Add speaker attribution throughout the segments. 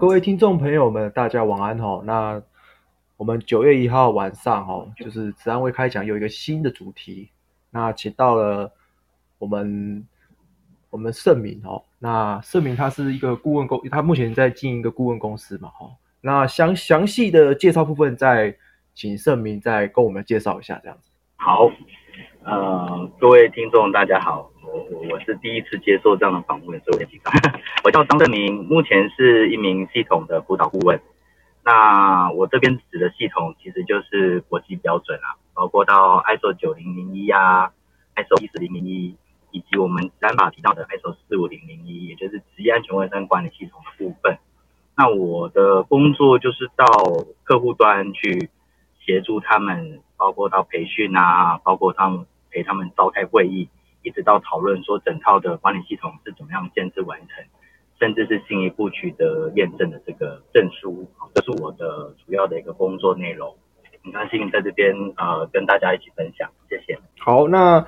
Speaker 1: 各位聽眾朋友們，大家晚安哈、哦。那我們九月一號晚上哈、哦，就是職安會開講，有一個新的主題。那請到了我們我們勝銘哦。那勝銘他是一個顧問公，他目前在經營一個顧問公司嘛哈。那詳詳細的介紹部分，再請勝銘再跟我們介紹一下這樣子。
Speaker 2: 好，呃，各位聽眾大家好。我我我是第一次接受這樣的訪問，所以 我也緊張。我叫張勝銘，目前是一名系統的輔導顧問。那我這邊指的系統其實就是國際標準啊，包括到 ISO 九零零一啊，ISO 一四零零一，以及我們三把提到的 ISO 四五零零一，也就是職業安全衛生管理系統的部分。那我的工作就是到客戶端去協助他們，包括到培訓啊，包括他們陪他們召開會議。一直到討論說整套的管理系統是怎麼樣建設完成，甚至是進一步取得驗證的這個證書，這是我的主要的一個工作內容。很高興在這邊、呃、跟大家一起分享，謝謝。
Speaker 1: 好，那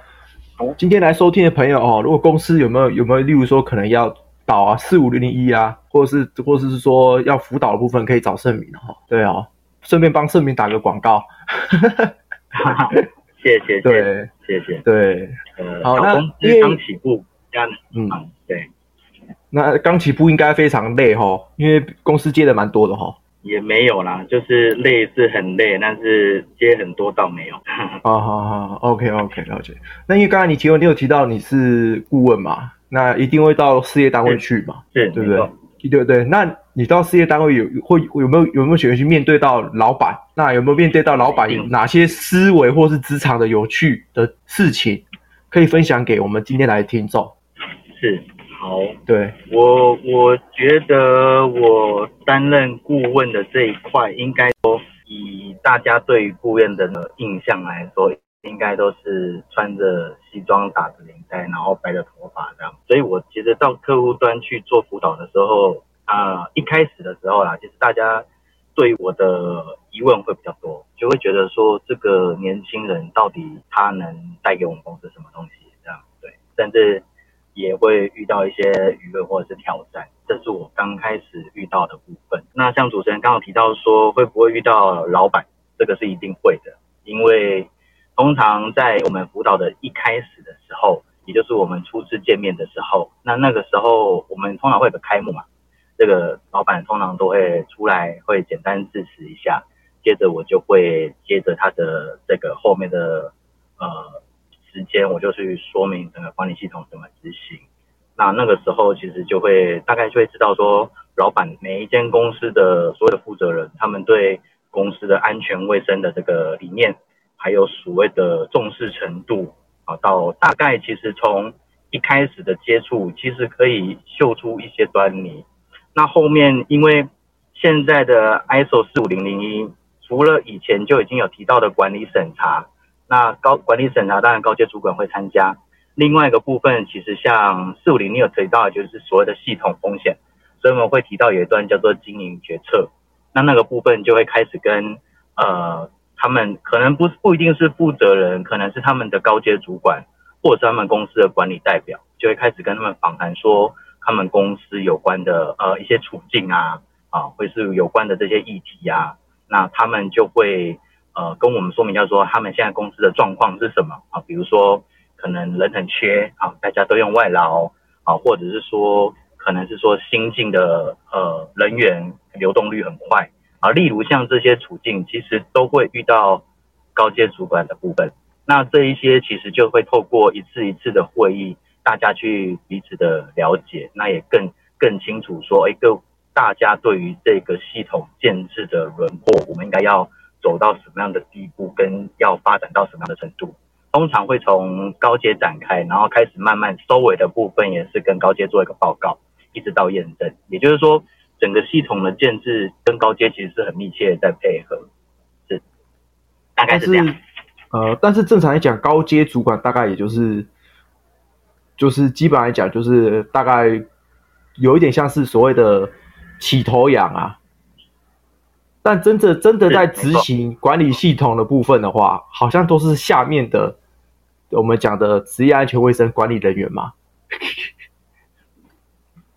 Speaker 1: 今天來收聽的朋友哦，如果公司有沒有有沒有，例如說可能要導啊四五零零一啊，或者是或者是說要輔導的部分，可以找勝銘哈、哦哦。對哦，順便幫勝銘打個廣告。 謝謝，謝謝，對，呃，好，公司剛起步，這樣，嗯，對，那剛起步應該非常累哈，因為公司接的蠻多的哈。
Speaker 2: 也沒有啦，就是累是很累，但是接很多倒沒有。
Speaker 1: 啊、哦，好好，OK，OK，okay, okay, 了解。那因為剛才你提問，你有提到你是顧問嘛，那一定會到事業單位去嘛，對、欸，對不對？對對？那你到事業單位有會有沒有有沒有選擇去面對到老闆？那有沒有面對到老闆有哪些思維或是職場的有趣的事情，可以分享給我們今天來的聽眾？是，好，對。
Speaker 2: 我我覺得我擔任顧問的這一塊，應該說以大家對於顧問的印象來說。應該都是穿着西裝、打着領帶，然後白着頭髮這樣。所以，我其實到客戶端去做輔導的時候，啊、呃，一開始的時候啦，其實大家對我的疑問會比較多，就會覺得說這個年輕人到底他能帶給我們公司什麼東西這樣？對，甚至也會遇到一些輿論或者是挑戰，這是我剛開始遇到的部分。那像主持人剛剛提到說，會不會遇到老闆？這個是一定會的，因為通常在我們輔導的一開始的時候，也就是我們初次見面的時候，那那個時候我們通常會有個開幕嘛，這個老板通常都會出來會簡單致辭一下，接着我就會接着他的這個後面的呃時間，我就去說明整個管理系統怎麼執行。那那個時候其實就會大概就會知道說，老板每一間公司的所有的負責人，他們對公司的安全衛生的這個理念。還有所謂的重視程度啊，到大概其實從一開始的接觸，其實可以嗅出一些端倪。那後面因為現在的 ISO 45001，除了以前就已經有提到的管理審查，那高管理審查當然高階主管會參加。另外一個部分其實像4500有提到的，就是所謂的系統風險，所以我們會提到有一段叫做經營決策。那那個部分就會開始跟呃。他們可能不是，不一定是負責人，可能是他們的高階主管或者是他們公司的管理代表，就會開始跟他們訪談說，說他們公司有關的呃一些處境啊啊，或是有關的這些議題啊，那他們就會呃跟我們說明說，要說他們現在公司的狀況是什麼啊？比如說可能人很缺啊，大家都用外勞啊，或者是說可能是說新進的人呃人員流動率很快。啊，例如像這些處境，其實都會遇到高階主管的部分。那這一些其實就會透過一次一次的會議，大家去彼此的了解，那也更更清楚說，誒各大家對於這個系統建置的輪廓，我們應該要走到什麼樣的地步，跟要發展到什麼樣的程度。通常會從高階展開，然後開始慢慢收尾的部分，也是跟高階做一個報告，一直到驗證。也就是說。整個系統的建制，跟高階其實是很密
Speaker 1: 切的在配合，是大概是這樣是。呃，但是正常來講，高階主管大概也就是，就是基本來講，就是大概有一點像是所謂的起頭羊啊。但真正真的在執行管理系統的部分的話，好像都是下面的，我們講的職業安全衛生管理人員嘛。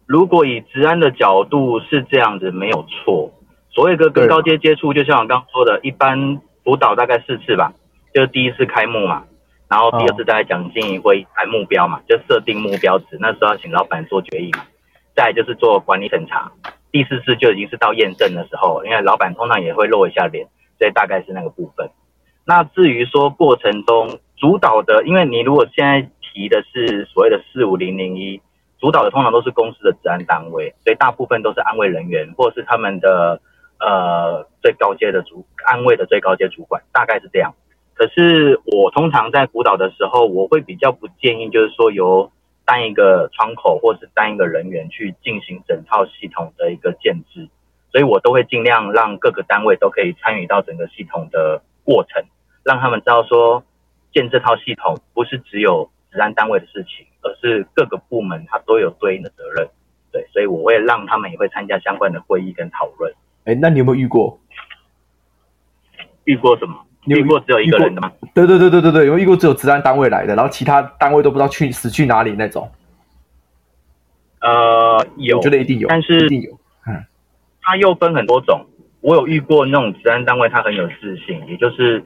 Speaker 1: 如果以
Speaker 2: 職安的角度是這樣子，沒有錯。所謂的跟高階接觸，啊，就像我剛剛說的，一般主導大概四次吧，就是第一次開幕嘛，然後第二次在講經營會談目標嘛，哦，就設定目標值，那時候請老闆做決議嘛。再就是做管理審查，第四次就已經是到驗證的時候，因為老闆通常也會露一下臉，所以大概是那個部分。那至於說過程中主導的，因為你如果現在提的是所謂的四五零零一。主導的通常都是公司的職安單位，所以大部分都是安衛人員，或者是他們的呃最高階的主安衛的最高階主管，大概是這樣。可是我通常在輔導的時候，我會比較不建議，就是說由單一個窗口或是單一個人員去進行整套系統的一個建置，所以我都會盡量讓各個單位都可以參與到整個系統的過程，讓他們知道說建這套系統不是只有。職安單位的事情，而是各個部門它都有對應的責任，對，所以我會讓他們也會參加相關的會議跟討論。
Speaker 1: 誒，那你有沒有遇過？
Speaker 2: 遇過什麼？你遇過只有一個人的嗎？
Speaker 1: 對對對對對對，有遇過只有職安單位來的，然後其他單位都不知道去死去哪裡那種。
Speaker 2: 呃，有，我覺得一定有，但是有，嗯，他又分很多種。我有遇過那種職安單位，他很有自信，也就是。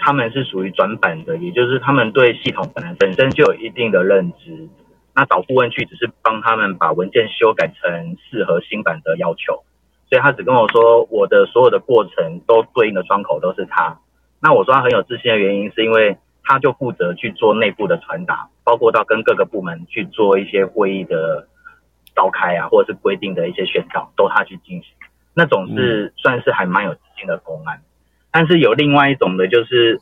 Speaker 2: 他們是屬於轉版的，也就是他們對系統本，本身就有一定的認知，那找顧問去只是幫他們把文件修改成適合新版的要求，所以他只跟我說我的所有的過程都對應的窗口都是他。那我說他很有自信的原因是因為他就負責去做內部的傳達，包括到跟各個部門去做一些會議的召開啊，或者是規定的一些宣導都他去進行，那種是算是還蠻有自信的公安。嗯但是有另外一種的，就是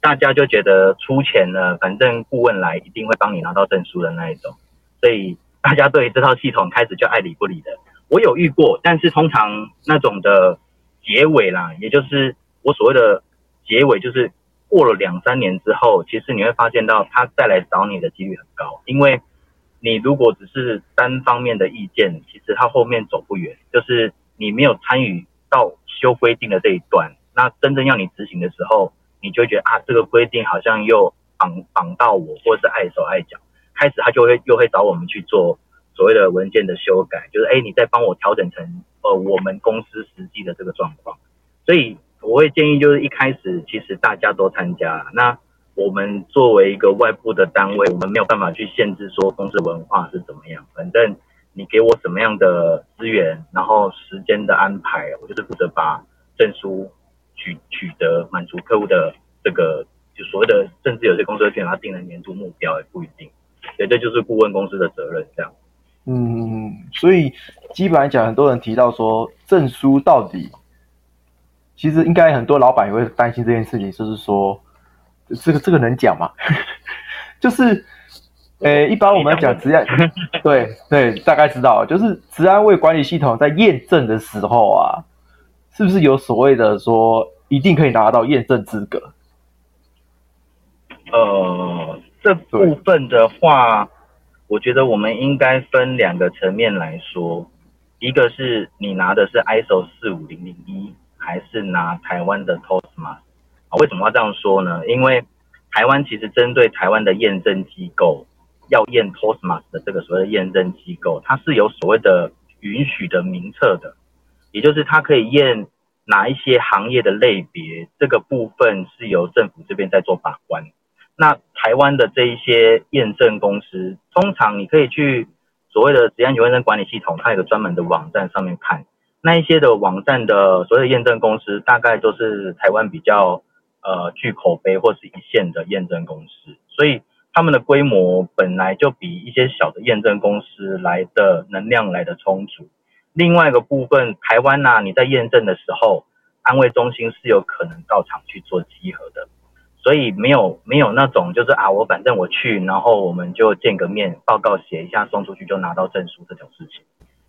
Speaker 2: 大家就覺得出錢了，反正顧問來一定會幫你拿到證書的那一種，所以大家對於這套系統開始就愛理不理的。我有遇過，但是通常那種的結尾啦，也就是我所謂的結尾，就是過了兩三年之後，其實你會發現到他再來找你的幾率很高，因為你如果只是單方面的意見，其實他後面走不遠，就是你沒有參與到修規定的這一段。那真正要你執行的時候，你就會覺得啊，這個規定好像又綁綁到我，或者是礙手礙腳。開始他就會又會找我們去做所謂的文件的修改，就是哎、欸，你再幫我調整成呃我們公司實際的這個狀況。所以我會建議，就是一開始其實大家都參加。那我們作為一個外部的單位，我們沒有辦法去限制說公司文化是怎麼樣。反正你給我什麼樣的資源，然後時間的安排，我就是負責把證書取取得滿足客戶的這個，就所謂的，甚至有些公司會給他定了年度目標，也不一定。所以這就是顧問公司的責任，這樣。
Speaker 1: 嗯，所以基本上講，很多人提到說證書到底，其實應該很多老闆也會擔心這件事情，就是說這個這個能講嗎？ 就是，呃、欸，一般我們講職安， 對對，大概知道，就是職安衛管理系統在驗證的時候啊。是不是有所謂的說一定可以拿到驗證資格？
Speaker 2: 呃，這部分的話，我覺得我們應該分兩個層面來說，一個是你拿的是 ISO 四五零零一，還是拿台灣的 TOSHMS？啊，為什麼要這樣說呢？因為台灣其實針對台灣的驗證機構，要驗 TOSHMS 的這個所謂的驗證機構，它是有所謂的允許的名冊的。也就是他可以驗哪一些行業的類別，這個部分是由政府這邊在做把關。那台灣的這一些驗證公司，通常你可以去所謂的職業安全衛生管理系統，它有一個專門的網站上面看。那一些的網站的所謂的驗證公司，大概都是台灣比較呃具口碑或是一線的驗證公司，所以他們的規模本來就比一些小的驗證公司來的能量來的充足。另外一個部分，台灣吶、啊，你在驗證的時候，安衛中心是有可能到場去做稽核的，所以沒有沒有那種就是啊，我反正我去，然後我們就見個面，報告寫一下，送出去就拿到證書這種事情。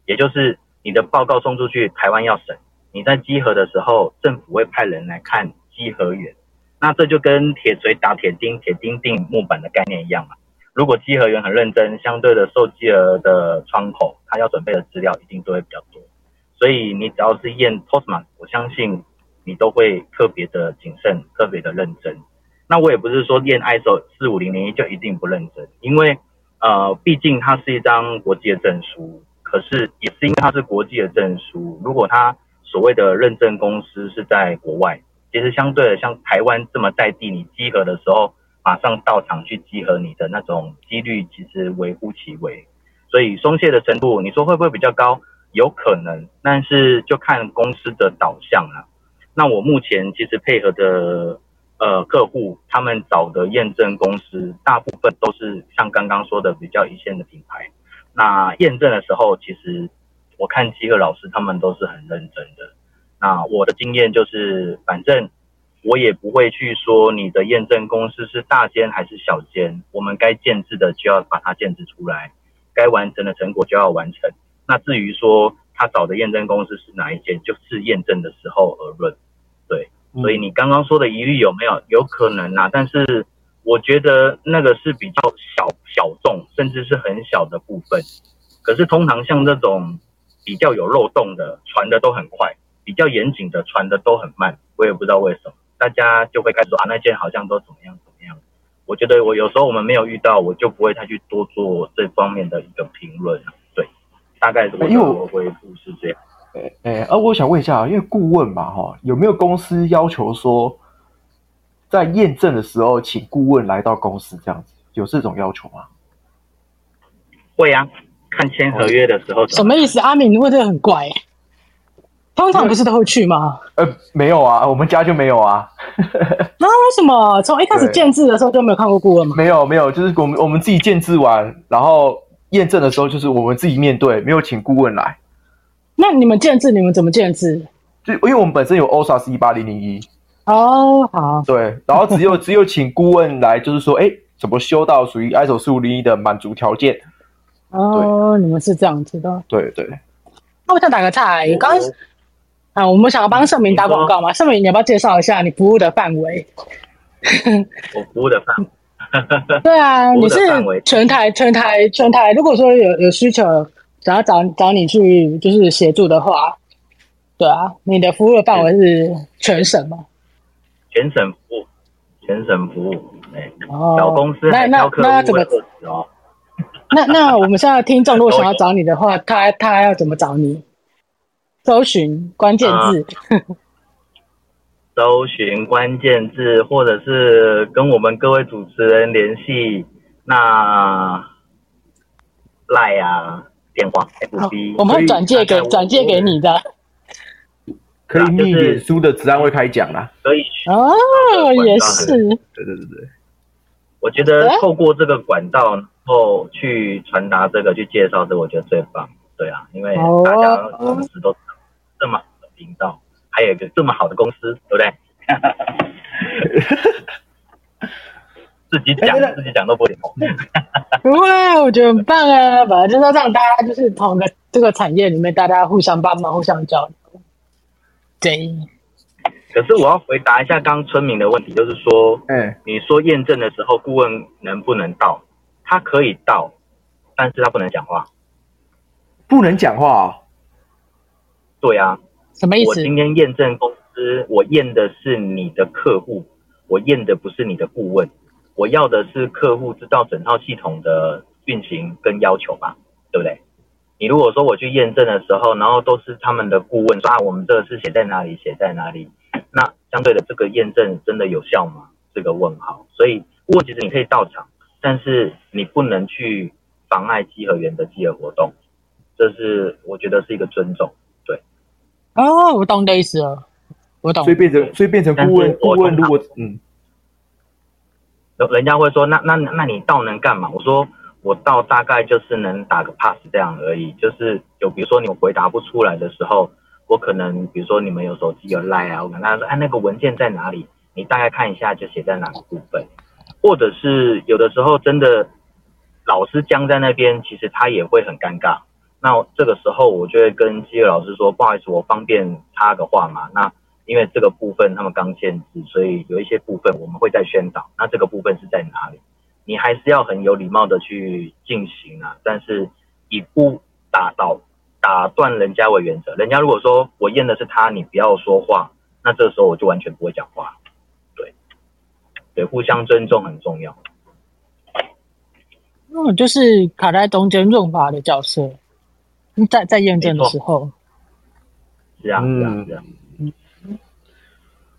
Speaker 2: 也就是你的報告送出去，台灣要審，你在稽核的時候，政府會派人來看稽核員，那這就跟鐵錘打鐵釘，鐵釘釘木板的概念一樣嘛。如果稽核員很認真，相對的受稽核的窗口，他要準備的資料一定都會比較多。所以你只要是驗 TOSHMS，我相信你都會特別的謹慎，特別的認真。那我也不是說驗 ISO 45001就一定不認真，因為呃，畢竟它是一張國際的證書。可是也是因為它是國際的證書，如果它所謂的認證公司是在國外，其實相對的像台灣這麼在地，你稽核的時候，馬上到場去集合，你的那種幾率其實微乎其微，所以鬆懈的程度，你說會不會比較高？有可能，但是就看公司的導向了啊。那我目前其實配合的呃客戶，他們找的驗證公司，大部分都是像剛剛說的比較一線的品牌。那驗證的時候，其實我看幾個老師他們都是很認真的。那我的經驗就是，反正。我也不會去說你的驗證公司是大間還是小間，我們該建置的就要把它建置出來，該完成的成果就要完成。那至於說他找的驗證公司是哪一間，就是驗證的時候而論。對、嗯，所以你剛剛說的疑慮有沒有？有可能啦，但是我覺得那個是比較小小眾，甚至是很小的部分。可是通常像這種比較有漏洞的傳的都很快，比較嚴謹的傳的都很慢。我也不知道為什麼。大家就會開始說啊，那件好像都怎麼樣怎麼樣。我覺得我有時候我們沒有遇到，我就不會太去多做這方面的一個評論。對，大概
Speaker 1: 怎麼回復是這樣。哎哎、欸，啊，我想問一下，因為顧問嘛，哈、喔，有沒有公司要求說在驗證的時候請顧問來到公司這樣子？有這種要求嗎？
Speaker 3: 會啊，看簽合約的時候怎麼看？什麼意思？阿敏、欸，你問的很怪？通常不是都會去嗎？
Speaker 1: 呃、欸，沒有啊，我們家就沒有啊。
Speaker 3: 那 為、啊、什麼從一開始建置的時候就沒有看過顧問
Speaker 1: 嗎？沒有，沒有，就是我們我們自己建置完，然後驗證的時候就是我們自己面對，沒有請顧問來。
Speaker 3: 那你們建置，你們怎麼建置？
Speaker 1: 就因為我們本身有 OHSAS 18001哦，
Speaker 3: 好
Speaker 1: 對，然後只有 只有請顧問來，就是說，哎、欸，怎麼修到屬於 ISO 45001的滿足條件？哦，
Speaker 3: 你們是這樣子的，對對。那我想打個岔剛剛。剛才，啊，我們想要幫勝銘打廣告嘛？勝銘，你要不要介紹一下你服務的範圍？
Speaker 2: 我服務的範圍，對啊，你是
Speaker 3: 全台全台全台。如果說有有需求，想要找找你去就是協助的話，對啊，你的服務的範圍是全省嗎？
Speaker 2: 全省服務，全省服務，哎，哦，小公司、
Speaker 3: 哦、那那那怎麼？ 那那我們現在聽眾如果想要找你的話，他他要怎麼找你？搜尋關鍵字，
Speaker 2: 啊、搜尋關鍵字， 或者是跟我們各位主持人聯繫。
Speaker 1: 那賴啊電話 FB，、哦、我們會轉借給轉借、啊、給你的，可、哦、以、啊。就是臉書的職安會開講啦，
Speaker 3: 可以,、啊、可以哦，也是。
Speaker 1: 對對對對，我覺得透過這個
Speaker 2: 管道，然後去傳達這個，欸這個、去介紹這，我覺得最棒。對啊，因為大家同時都哦哦。這麼好的頻道，還有一個這麼好的公司，對不對？ 自己講、欸、的自己講都不懂，
Speaker 3: 哇！我覺得很棒啊，本來就是讓大家就是同個這個產業裡面，大家互相幫忙、互相交流。
Speaker 2: 對。可是我要回答一下剛村民的問題，就是說，嗯、欸，你說驗證的時候，顧問能不能到？他可以到，但是他不能講話。
Speaker 1: 不能講話、哦。
Speaker 2: 對啊，
Speaker 3: 什麼意思？我
Speaker 2: 今天驗證公司，我驗的是你的客戶，我驗的不是你的顧問。我要的是客戶知道整套系統的運行跟要求吧，對不對？你如果說我去驗證的時候，然後都是他們的顧問說，啊，我們這是寫在哪裡，寫在哪裡，那相對的這個驗證真的有效嗎？這個問號。所以，不過其實你可以到場，但是你不能去妨礙稽核員的稽核活動，這是我覺得是一個尊重。
Speaker 3: 哦，我懂的意思了，我懂。所以變成所以
Speaker 2: 變成顧問顧問，顧問如果嗯，人家會說，那那那你倒能幹嘛？我說，我倒大概就是能打個 pass 這樣而已，就是有比如說你回答不出來的時候，我可能比如說你們有手機有 LINE 啊，我跟他說哎、啊、那個文件在哪裡？你大概看一下就寫在哪個部分，或者是有的時候真的老師僵在那邊，其實他也會很尷尬。那我這個時候，我就會跟基友老師說：“不好意思，我方便插個話嘛？那因為這個部分他們剛限制，所以有一些部分我們會再宣導。那這個部分是在哪裡？你還是要很有禮貌的去進行啊，但是以不打到打斷人家為原則。人家如果說我驗的是他，你不要說話，那這個時候我就完全不會講話。對，對，互相尊重很重要。那、
Speaker 3: 嗯、我就是卡在中間潤滑的角色。在在驗證的時候，是啊是啊是啊。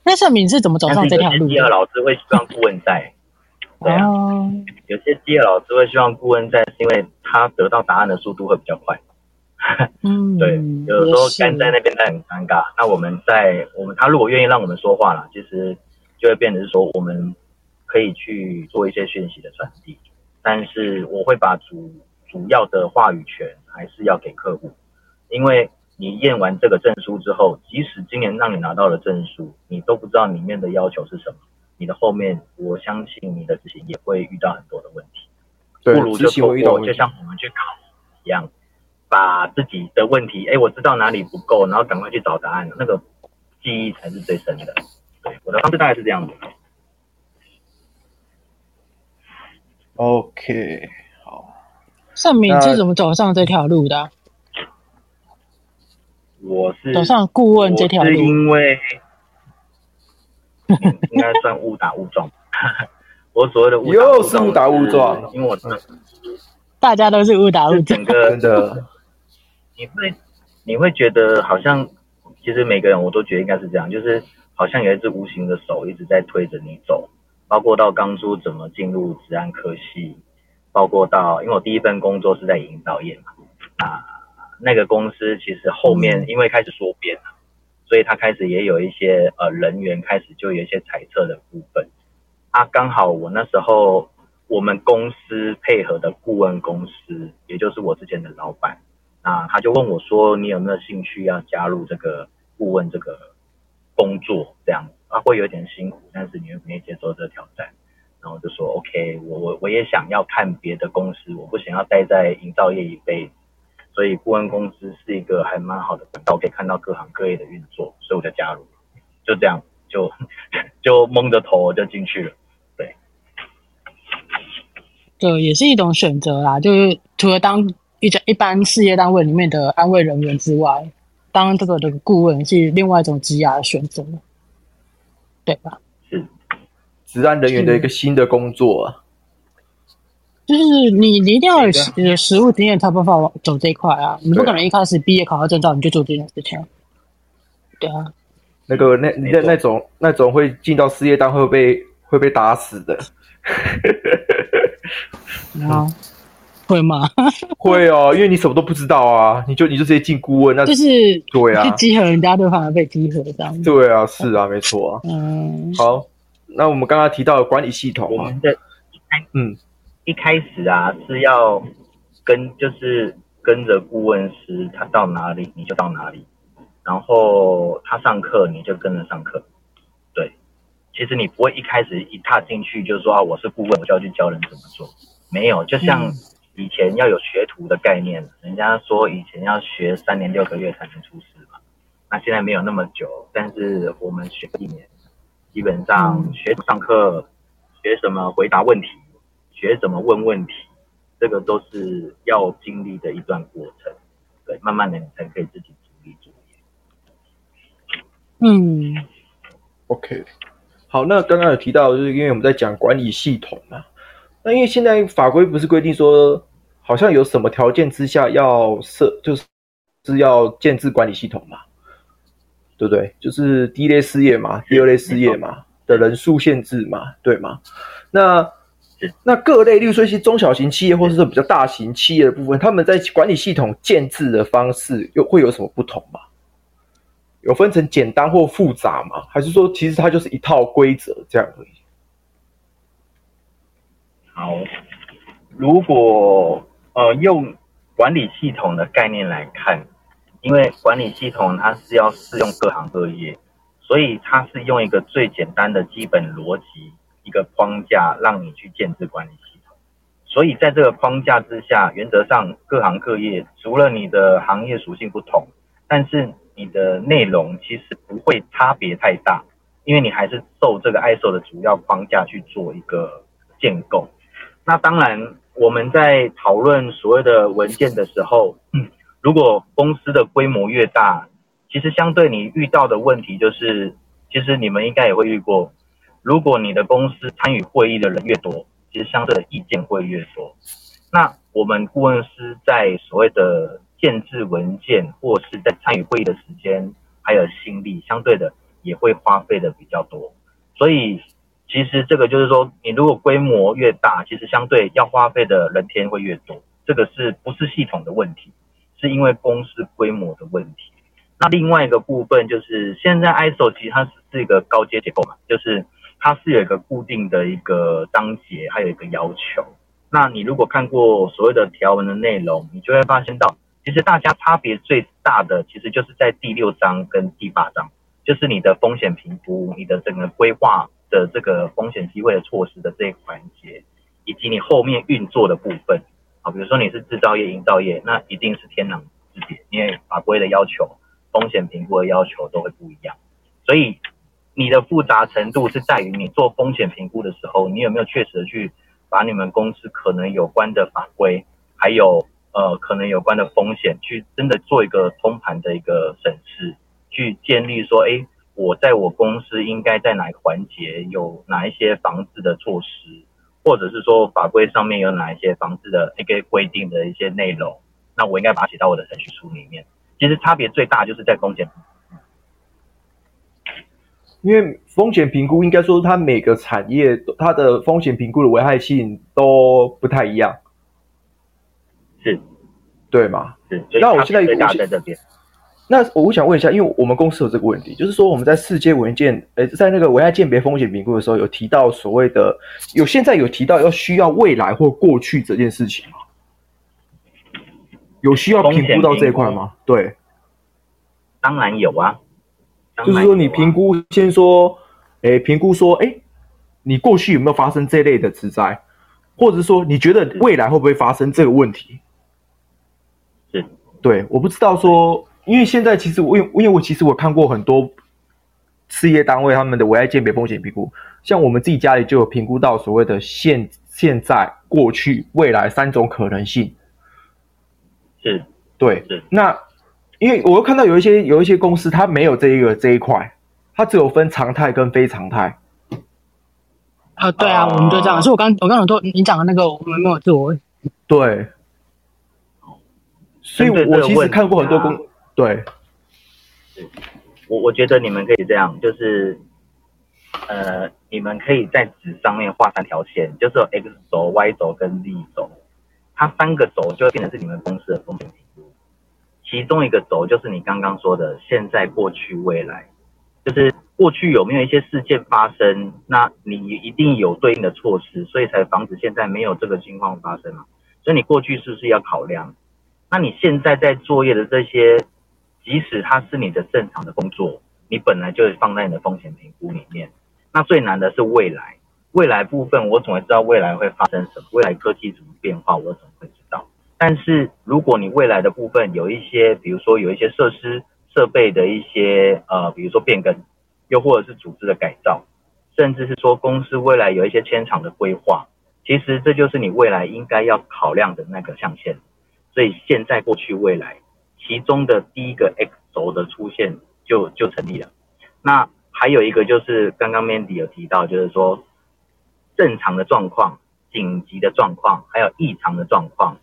Speaker 3: 那勝銘是怎麼走上這條路？嗯啊啊、有些第二，
Speaker 2: 老師會希望顧問在。 對
Speaker 3: 啊、
Speaker 2: 哦。有些第二老師會希望顧問在，是因為他得到答案的速度會比較快。 嗯。
Speaker 3: 對，有時候乾
Speaker 2: 在那邊他很尷尬。那我們在我們他如果願意讓我們說話了，其實就會變成是說我們可以去做一些訊息的傳遞。但是我會把主。主要的話語權還是要給客戶，因為你驗完這個證書之後，即使今年讓你拿到了證書，你都不知道裡面的要求是什麼。你的後面，我相信你的事情，也會遇到很多的問題。對，不如就通過，就像我們去考一樣，把自己的問題，哎，我知道哪裡不夠，然後趕快去找答案，那個記憶才是最深的。對，我
Speaker 1: 的方式大概是這樣的。OK。
Speaker 3: 面，銘是怎麼走上這條路的？啊我路？我是走上顧問這條路，因為
Speaker 2: 應該算誤打誤撞。 我所謂的誤打誤撞，因為我真的、就是，
Speaker 3: 大家都是誤打誤撞。整個真的，你會
Speaker 2: 你會覺得好像，其實每個人我都覺得應該是這樣，就是好像有一只無形的手一直在推着你走，包括到當初怎麼進入職安科系。包括到，因為我第一份工作是在營造業嘛，啊，那個公司其實後面因為開始縮編了，所以他開始也有一些呃人員開始就有一些裁撤的部分。啊，剛好我那時候我們公司配合的顧問公司，也就是我之前的老板，啊，他就問我說：“你有沒有興趣要加入這個顧問這個工作？這樣啊會有點辛苦，但是你又沒接受這個挑戰？”然後就說 OK，我我我也想要看別的公司，我不想要待在營造業一輩子，所以顧問公司是一個還蠻好的管道，我可以看到各行各業的運作，所以我就加入了，就這樣就就蒙着頭就進去了，對，
Speaker 3: 對，也是一種選擇啦，就是除了當一家一般事業單位裡面的安衛人員之外，當這個的顧問是另外一種職業的選擇，對吧？
Speaker 1: 職安人員的一個新的工作、啊，
Speaker 3: 就是你你一定要有實務經驗，他無法走這一塊啊，啊！你不可能一開始畢業考到證照你就做這件事情。
Speaker 1: 對啊。那個那你那那種那種會進到事業單位被會被打死的。
Speaker 3: 後、 嗯、會嗎？
Speaker 1: 會哦，因為你什麼都不知道啊！你就你就直接進顧問，那就是對啊，去稽
Speaker 3: 核人家對方而被稽核
Speaker 1: 這樣子。對啊，是啊，沒錯啊。 嗯，好。那我們剛剛提到的管理系統啊，我們的，嗯，一開
Speaker 2: 始啊是要跟，就是跟着顧問師，他到哪裡你就到哪裡，然後他上課你就跟着上課，對，其實你不會一開始一踏進去就說啊我是顧問，我就要去教人怎麼做，沒有，就像以前要有學徒的概念，嗯，人家說以前要學三年六個月才能出師嘛，那現在沒有那麼久，但是我們學一年。基本上學上課，學什麼回答問題，學什麼問問題，這個都是要經歷的一段過程。對，慢慢的你才可以自己獨立作
Speaker 1: 業。嗯，OK，好，那剛剛有提到，就是因為我們在講管理系統嘛，啊，那因為現在法規不是規定說，好像有什麼條件之下要設，就是是要建置管理系統嘛。對不對？就是第一類事業嘛，第二類事業嘛的人數限制嘛，對嗎？那那各類例如是中小型企業，或者說比較大型企業的部分，他們在管理系統建置的方式又會有什麼不同嗎？有分成簡單或複雜嗎？還是說其實它就是一套規則這樣而已？好，
Speaker 2: 如果呃用管理系統的概念來看。因為管理系統它是要適用各行各業，所以它是用一個最簡單的基本邏輯一個框架，讓你去建置管理系統。所以在這個框架之下，原則上各行各業除了你的行業屬性不同，但是你的內容其實不會差別太大，因為你還是受這個 ISO 的主要框架去做一個建構。那當然，我們在討論所謂的文件的時候。如果公司的規模越大，其實相對你遇到的問題就是，其實你們應該也會遇過。如果你的公司參與會議的人越多，其實相對的意見會越多。那我們顧問師在所謂的建置文件或是在參與會議的時間還有心力，相對的也會花費的比較多。所以其實這個就是說，你如果規模越大，其實相對要花費的人天會越多。這個是不是系統的問題？是因為公司規模的問題，那另外一個部分就是現在 ISO 其實它是是一個高階結構嘛，就是它是有一個固定的一個章節，還有一個要求。那你如果看過所謂的條文的內容，你就會發現到，其實大家差別最大的，其實就是在第六章跟第八章，就是你的風險評估、你的整個規劃的這個風險機會的措施的這一環節，以及你後面運作的部分。好，比如說你是製造業、營造業，那一定是天壤之別，因為法規的要求、風險評估的要求都會不一樣。所以你的複雜程度是在於你做風險評估的時候，你有沒有確實去把你們公司可能有關的法規，還有呃可能有關的風險，去真的做一個通盤的一個審視，去建立說，哎，我在我公司應該在哪一個環節有哪一些防治的措施。或者是說法規上面有哪一些房子的一個規定的一些內容，那我應該把它寫到我的程序書裡面。其實差別最大就是在風險
Speaker 1: 評估，因為風險評估應該說它每個產業它的風險評估的危害性都不太一樣，是，對嗎？是。那我現在一直大在這邊。那我想問一下，因為我們公司有這個問題，就是說我們在四階文件，呃、在那個危害鑑別風險評估的時候，有提到所謂的有現在有提到要需要未來或過去這件事情嗎？有需要評估到這一塊嗎？對當、啊，當然有啊，就是說你評估先說，說誒，評估說，哎，你過去有沒有發生這類的職災或者說你覺得未來會不會發生這個問題？對，我不知道說。因為現在其實我因為我其實我看過很多事業單位他們的危害鑑別風險評估，像我們自己家裡就有評估到所謂的現、現在、過去、未來三種可能性。是，對，那因為我又看到有一些有一些公司它沒有這一個這一塊，它只有分常態跟非常態。
Speaker 3: 啊，對啊，我們就這樣。是、啊、我剛我剛想說你講的那個，我們沒有做、
Speaker 1: 嗯。對。所以我其實看過很多公。啊對，對，
Speaker 2: 我我覺得你們可以這樣，就是，呃，你們可以在紙上面畫三條線，就是有 X 軸、Y 軸跟 Z 軸，它三個軸就會變成是你們公司的風險評估。其中一個軸就是你剛剛說的現在、過去、未來，就是過去有沒有一些事件發生，那你一定有對應的措施，所以才防止現在沒有這個情況發生嘛，啊。所以你過去是不是要考量？那你現在在作業的這些。即使它是你的正常的工作，你本來就是放在你的風險評估裡面。那最難的是未來，未來部分我總會知道未來會發生什麼？未來科技怎麼變化，我總會知道？但是如果你未來的部分有一些，比如說有一些設施設備的一些呃，比如說變更，又或者是組織的改造，甚至是說公司未來有一些遷廠的規劃，其實這就是你未來應該要考量的那個象限。所以現在、過去、未來。其中的第一個 X 軸的出現就就成立了。那還有一個就是剛剛 Mandy 有提到，就是說正常的狀況、緊急的狀況還有異常的狀況，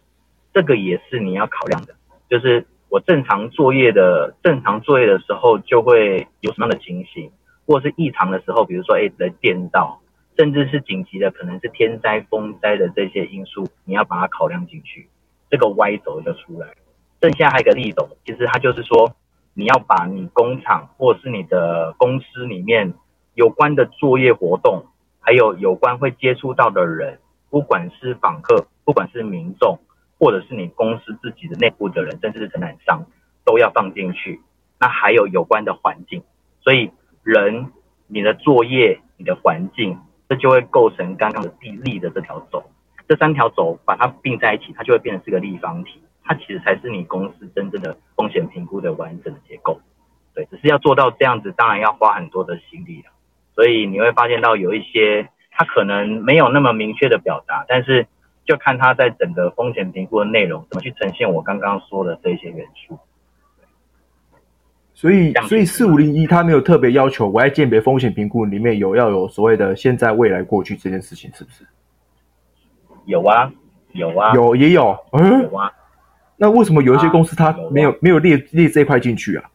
Speaker 2: 這個也是你要考量的。就是我正常作業的正常作業的時候就會有什麼樣的情形，或是異常的時候，比如說哎在、欸、變道，甚至是緊急的可能是天災、風災的這些因素，你要把它考量進去，這個 Y 軸就出來了。剩下還有一個力斗，其實它就是說，你要把你工廠或者是你的公司裡面有關的作業活動，還有有關會接觸到的人，不管是訪客，不管是民眾，或者是你公司自己的內部的人，甚至是承攬商，都要放進去。那還有有關的環境，所以人、你的作業、你的環境，這就會構成剛剛的地利的這條軸。這三條軸把它併在一起，它就會變成是個立方體。它其實才是你公司真正的風險評估的完整的結構，對，只是要做到這樣子，當然要花很多的心力了。所以你會發現到有一些，它可能沒有那麼明確的表達，但是就看它在整個風險評估的內容怎麼去呈現。我剛剛說的這些元素，
Speaker 1: 所以所以四五零一它沒有特別要求，我要鑑別風險評估裡面有要有所謂的現在、未來、過去這件事情是不是？
Speaker 2: 有啊，有啊，有也
Speaker 1: 有，嗯，有啊。那為什麼有一些公司它沒有沒有列列這塊進去啊？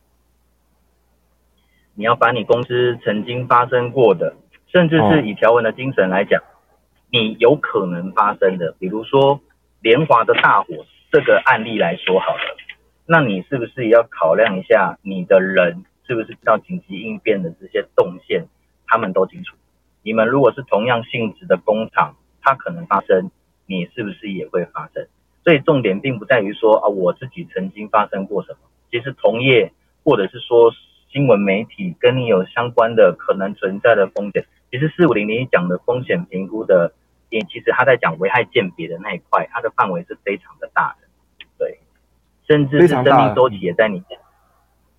Speaker 2: 你要把你公司曾經發生過的，
Speaker 1: 甚至是以
Speaker 2: 條文的精神來講，你有可能發生的，比如說聯華的大火這個案例來說好了，那你是不是也要考量一下你的人是不是要緊急應變的這些動線，他們都清楚。你們如果是同樣性質的工廠，它可能發生，你是不是也會發生？所以重點並不在於說啊，我自己曾經發生過什麼。其實同業或者是說新聞媒體跟你有相關的可能存在的風險，其實四五零零講的風險評估的，也其實他在講危害鑑別的那一塊，它的範圍是非常的大的，對，甚至是生命週期也在你講，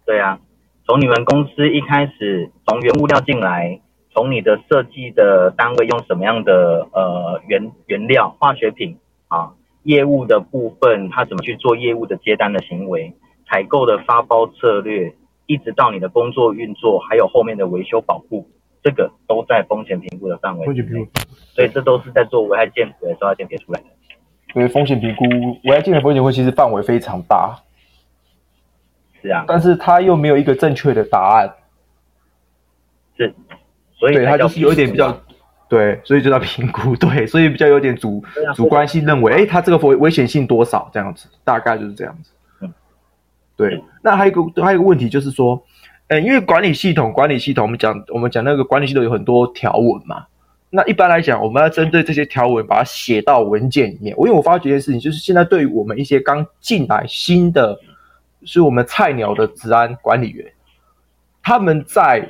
Speaker 2: 對啊，從你們公司一開始，從原物料進來，從你的設計的單位用什麼樣的呃原原料化學品啊。業務的部分，他怎麼去做業務的接單的行為，採購的發包策略，一直到你的工作運作，還有後面的維修保護，這個都在風險評估的範圍。所以這都是在做危害鑑別的時候要鑑別出來的。所
Speaker 1: 以風險評估，危害鑑別的風險會其實範圍非常大。是啊。但是他又沒有一個正確的答案。是，所以他就是有一點比較。對，所以就要評估。對，所以比較有點主、啊、主觀性，認為哎，他這個危危險性多少這樣子，大概就是這樣子。嗯，對。那還有一個還有個問題就是說，嗯，因為管理系統管理系統，我們講我們講那個管理系統有很多條文嘛。那一般來講，我們要針對這些條文把它寫到文件裡面。我因為我發覺一件事情，就是現在對於我們一些剛進來新的，是我們菜鳥的職安管理員，他們在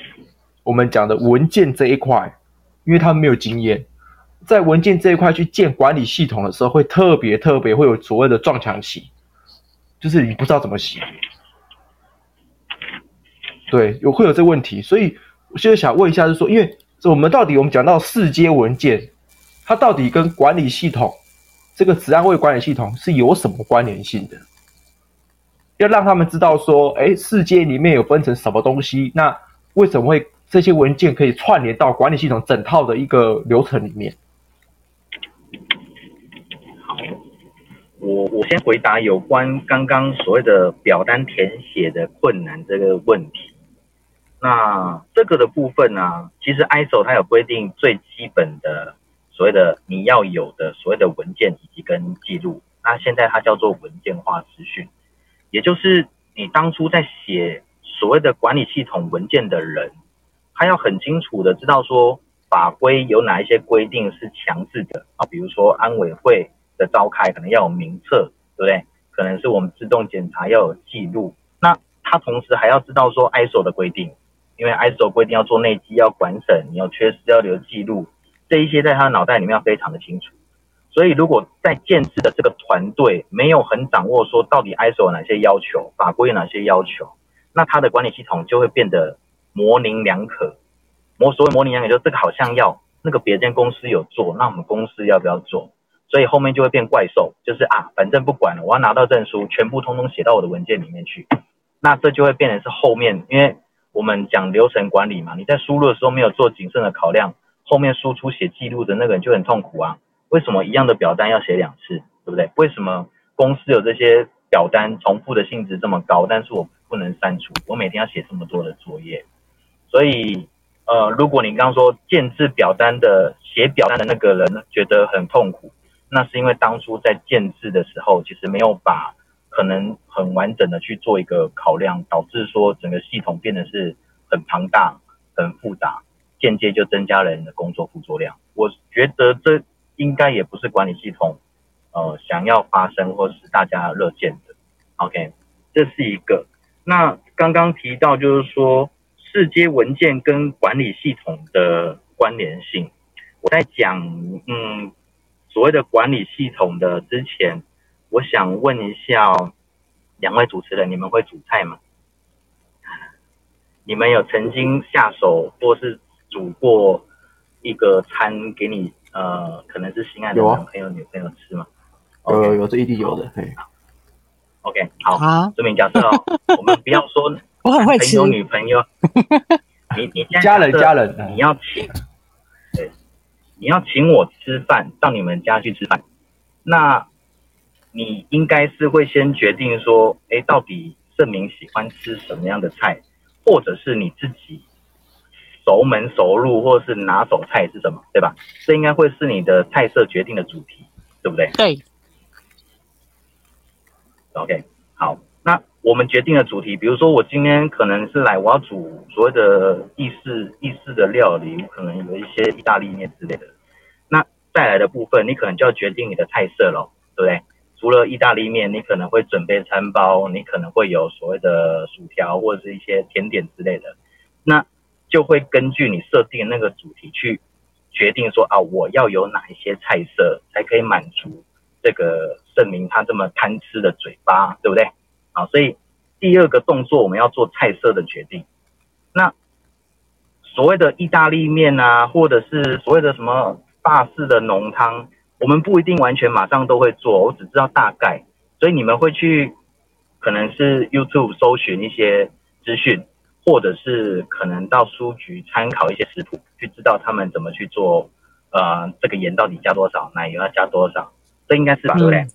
Speaker 1: 我們講的文件這一塊。因為他們沒有經驗，在文件這一塊去建管理系統的時候，會特別特別會有所謂的撞牆期，就是你不知道怎麼寫。對，有會有這個問題，所以我現在想問一下，就是說，因為這我們到底我們講到四階文件，它到底跟管理系統這個職安衛管理系統是有什麼關聯性的？要讓他們知道說，哎，四階裡面有分成什麼東西，那為什麼會？這些文件可以串聯到管理系統整套的一個流程裡面。
Speaker 2: 好，我我先回答有關剛剛所謂的表單填寫的困難這個問題。那這個的部分呢、啊，其實 ISO 它有規定最基本的所謂的你要有的所謂的文件以及跟記錄。那現在它叫做文件化資訊，也就是你當初在寫所謂的管理系統文件的人。他要很清楚的知道說法規有哪一些規定是強制的啊，比如說安委會的召開可能要有名冊，對不對？可能是我們自動檢查要有記錄。那他同時還要知道說 ISO 的規定，因為 ISO 規定要做內稽、要管審、你要缺失、要留記錄，這一些在他的腦袋裡面要非常的清楚。所以如果在建制的這個團隊沒有很掌握說到底 ISO 有哪些要求、法規有哪些要求，那他的管理系統就會變得。模稜兩可，模，所謂模稜兩可，就這個好像要那個別間公司有做，那我們公司要不要做？所以後面就會變怪獸，就是啊，反正不管了，我要拿到證書，全部通通寫到我的文件裡面去。那這就會變成是後面，因為我們講流程管理嘛，你在輸入的時候沒有做謹慎的考量，後面輸出寫記錄的那個人就很痛苦啊。為什麼一樣的表單要寫兩次，對不對？為什麼公司有這些表單重複的性質這麼高，但是我不能刪除，我每天要寫這麼多的作業？所以，呃，如果你剛剛說建置表單的寫表單的那個人覺得很痛苦，那是因為當初在建置的時候，其實沒有把可能很完整的去做一個考量，導致說整個系統變得是很龐大、很複雜，間接就增加了人的工作負作量。我覺得這應該也不是管理系統，呃，想要發生或是大家樂見的。OK，這是一個。那剛剛提到就是說。四階文件跟管理系統的關聯性，我在講，嗯，所謂的管理系統的之前，我想問一下兩位主持人，你們會煮菜嗎？你們有曾經下手或是煮過一個餐給你，呃，可能是心愛的男、啊、朋友、女朋友吃嗎？
Speaker 1: 有、啊、okay, 有，有這一定有的好，OK，好，證明假設哦，
Speaker 2: 我們不要說。
Speaker 1: 我很會吃，有女朋
Speaker 2: 友， 你你家人家人、啊，你要請，對，你要請我吃飯到你們家去吃飯，那，你應該是會先決定說，誒、欸，到底勝銘喜歡吃什麼樣的菜，或者是你自己熟門熟路或者是拿手菜是什麼，對吧？這應該會是你的菜色決定的主題，對不對？對。OK，好。我們決定了主題，比如說我今天可能是來我要煮所謂的意式意式的料理，可能有一些意大利麵之類的。那帶來的部分，你可能就要決定你的菜色咯，對不對？除了意大利麵，你可能會準備餐包，你可能會有所謂的薯條或者是一些甜點之類的。那就會根據你設定那個主題去決定說啊，我要有哪一些菜色才可以滿足這個勝銘他這麼貪吃的嘴巴，對不對？好，所以第二個動作我們要做菜色的決定。那所謂的意大利面啊，或者是所謂的什麼法式的濃湯，我們不一定完全馬上都會做。我只知道大概，所以你們會去可能是 YouTube 搜尋一些資訊，或者是可能到書局參考一些食譜，去知道他們怎麼去做。呃，這個鹽到底加多少，奶油要加多少，這應該是吧？對不對？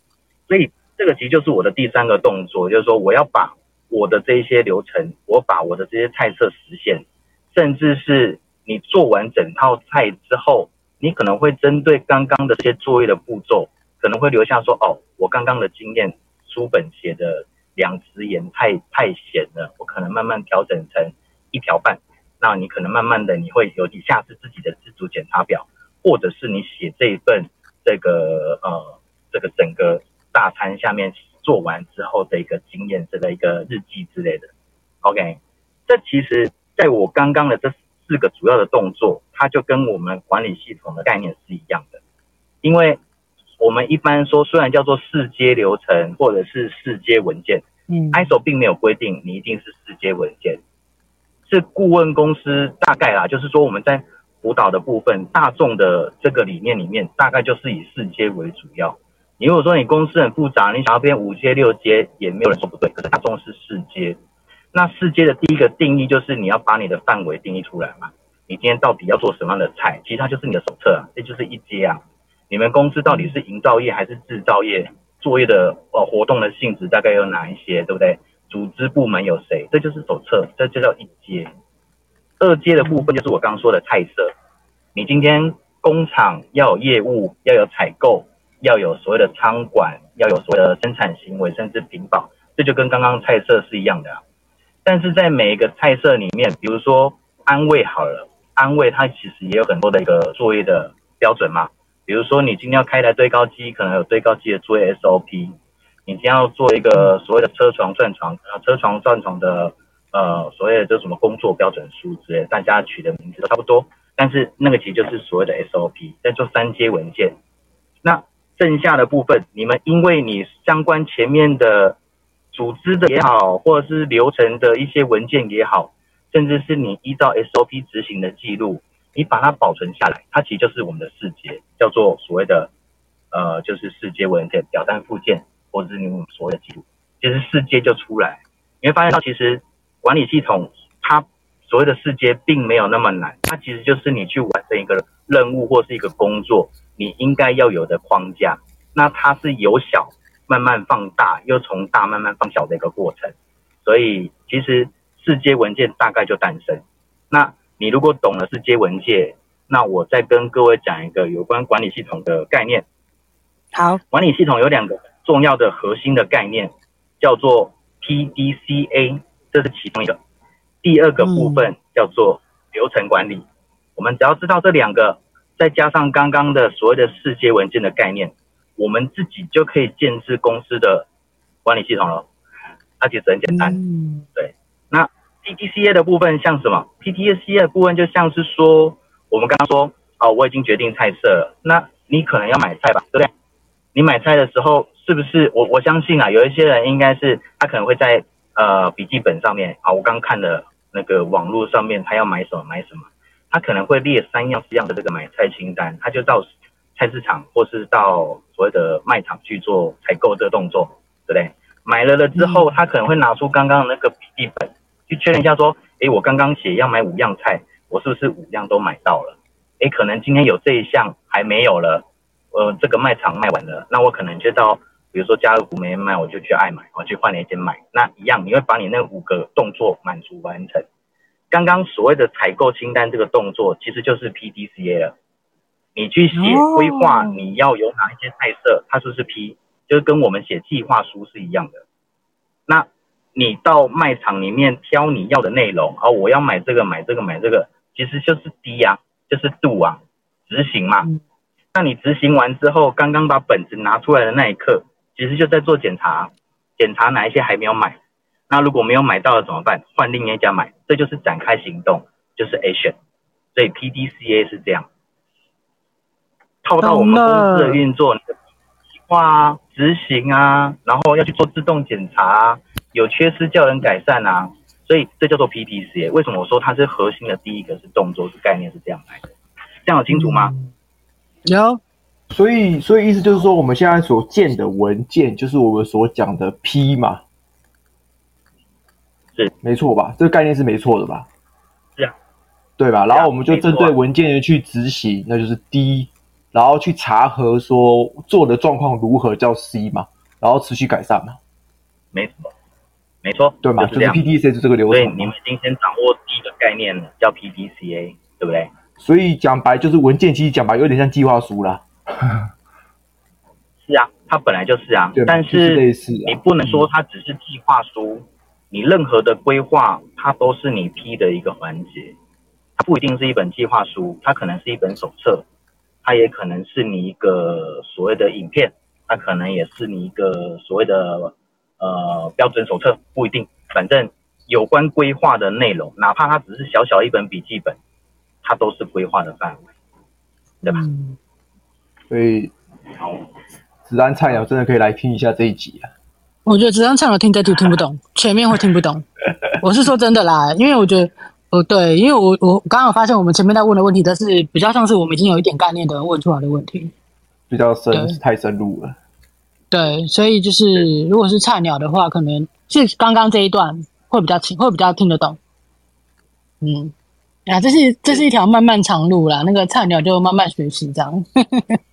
Speaker 2: 所以。這個其實就是我的第三個動作，就是說我要把我的這些流程，我把我的這些菜色實現，甚至是你做完整套菜之後，你可能會針對剛剛的這些作業的步驟，可能會留下說哦，我剛剛的經驗書本寫的兩隻鹽太太鹹了，我可能慢慢調整成一條半。那你可能慢慢的你會有以下是自己的自主檢查表，或者是你寫這一份這個呃這個整個。大餐下面做完之後的一個經驗，這個一個日記之類的。OK，這其實在我剛剛的這四個主要的動作，它就跟我們管理系統的概念是一樣的。因為我們一般說，雖然叫做四階流程或者是四階文件，嗯，ISO 並沒有規定你一定是四階文件，是顧問公司大概啦，就是說我們在輔導的部分，大眾的這個理念裡面，大概就是以四階為主要。你如果說你公司很複雜，你想要變五階六階，也沒有人說不對。可是大眾是四階，那四階的第一個定義就是你要把你的範圍定義出來嘛。你今天到底要做什麼樣的菜，其實它就是你的手冊啊，這就是一階啊。你們公司到底是營造業還是制造業？作業的呃活動的性質大概有哪一些，對不對？組織部門有誰？這就是手冊，這就叫一階。二階的部分就是我剛說的菜色，你今天工廠要有業務，要有採購。要有所謂的倉管，要有所謂的生產行為，甚至品保，這就跟剛剛菜色是一樣的啊。但是在每一個菜色裡面，比如說安衛好了，安衛它其實也有很多的一個作業的標準嘛。比如說你今天要開台堆高機，可能有堆高機的作業 SOP，你今天要做一個所謂的車床鑽床，車床鑽床的呃，所謂的就什麼工作標準書之類，大家取的名字都差不多，但是那個其實就是所謂的 SOP，在做三階文件。剩下的部分，你們因為你相關前面的組織的也好，或者是流程的一些文件也好，甚至是你依照 SOP 執行的記錄，你把它保存下來，它其實就是我們的四階，叫做所謂的呃，就是四階文件、表單附件，或者是你所謂的記錄，其、就、實、是、四階就出來，你會發現到其實管理系統它所謂的四階並沒有那麼難，它其實就是你去完成一個任務或是一個工作。你應該要有的框架，那它是由小慢慢放大，又從大慢慢放小的一個過程。所以，其實四階文件大概就誕生。那你如果懂了四階文件，那我再跟各位講一個有關管理系統的概念。好，管理系統有兩個重要的核心的概念，叫做 PDCA，這是其中一個。第二個部分叫做流程管理。嗯，我們只要知道這兩個。再加上剛剛的所謂的四階文件的概念，我們自己就可以建置公司的管理系統了，它其實很簡單。嗯、對，那 P T C A 的部分像什麼？P T C A 的部分就像是說，我們剛剛說哦，我已經決定菜色了，那你可能要買菜吧，對不對？你買菜的時候是不是？我我相信啊，有一些人應該是他可能會在呃筆記本上面啊，我剛看的那個網絡上面，他要買什麼買什麼。他可能會列三樣、四樣的這個買菜清單，他就到菜市場或是到所謂的賣場去做採購這個動作，對不對？買了了之後，他可能會拿出剛剛那個筆記本去確認一下，說：哎，我剛剛寫要買五樣菜，我是不是五樣都買到了？哎，可能今天有這一項還沒有了，呃，這個賣場賣完了，那我可能就到，比如說家樂福沒賣，我就去愛買，我去換那間買，那一樣，你會把你那五個動作滿足完成。剛剛所謂的採購清單這個動作，其實就是 P D C A 了。你去寫規劃你要有哪一些菜色，它是不是 P，就是跟我們寫計劃書是一樣的。那你到賣場裡面挑你要的內容，啊，我要買這個買這個買這個，其實就是 D 啊，就是 Do 啊，執行嘛。那你執行完之後，剛剛把本子拿出來的那一刻，其實就在做檢查，檢查哪一些還沒有買。那如果沒有買到了怎麼辦？換另一家買，這就是展開行動，就是 action。所以 PDCA 是這樣套到我們公司的運作，計、那、劃、個、啊、執行啊，然後要去做自動檢查，啊，有缺失叫人改善啊，所以這叫做 PDCA。為什麼我說它是核心的第一個是動作？是概念是這樣來的，這
Speaker 1: 樣有清楚嗎？有、yeah.。所以，所以意思就是說，我們現在所建的文件，就是我們所講的 P 嘛。對，沒錯吧？這個概念是沒錯的吧？是啊，對吧？啊、然後我們就針對文件去執行、啊，那就是 D，然後去查核說做的狀況如何叫 C 嘛，然後持續改善嘛。
Speaker 2: 沒錯，沒錯，對嘛？就是、就是、PDC 這個流程，你們已經先掌握第一個概念了，叫 PDCA，對不對？
Speaker 1: 所以講白就是文件，其實講白有點像計劃書啦。 是
Speaker 2: 啊，它本來就是啊，但是你不能說它只是計劃書。嗯你任何的規劃，它都是你 P 的一個環節，它不一定是一本計劃書，它可能是一本手冊，它也可能是你一個所謂的影片，它可能也是你一個所謂的呃標準手冊，不一定，反正有關規劃的內容，哪怕它只是小小一本筆記本，它都是規劃的範圍，
Speaker 3: 嗯、對吧？
Speaker 1: 所以，好，職安菜鳥真的可以來聽一下這一集啊。
Speaker 3: 我覺得只要菜鳥聽這句聽不懂， 前面會聽不懂。我是說真的啦，因為我覺得，哦對，因為我我剛剛有發現，我們前面在問的問題都是比較像是我們已經有一點概念的問出來的問題，
Speaker 1: 比較深，太深入了。
Speaker 3: 對，所以就是如果是菜鳥的話，可能就剛剛這一段會比較輕，會比較聽得懂。嗯，啊，這是這是一條漫漫長路啦，那個菜鳥就慢慢學習這樣。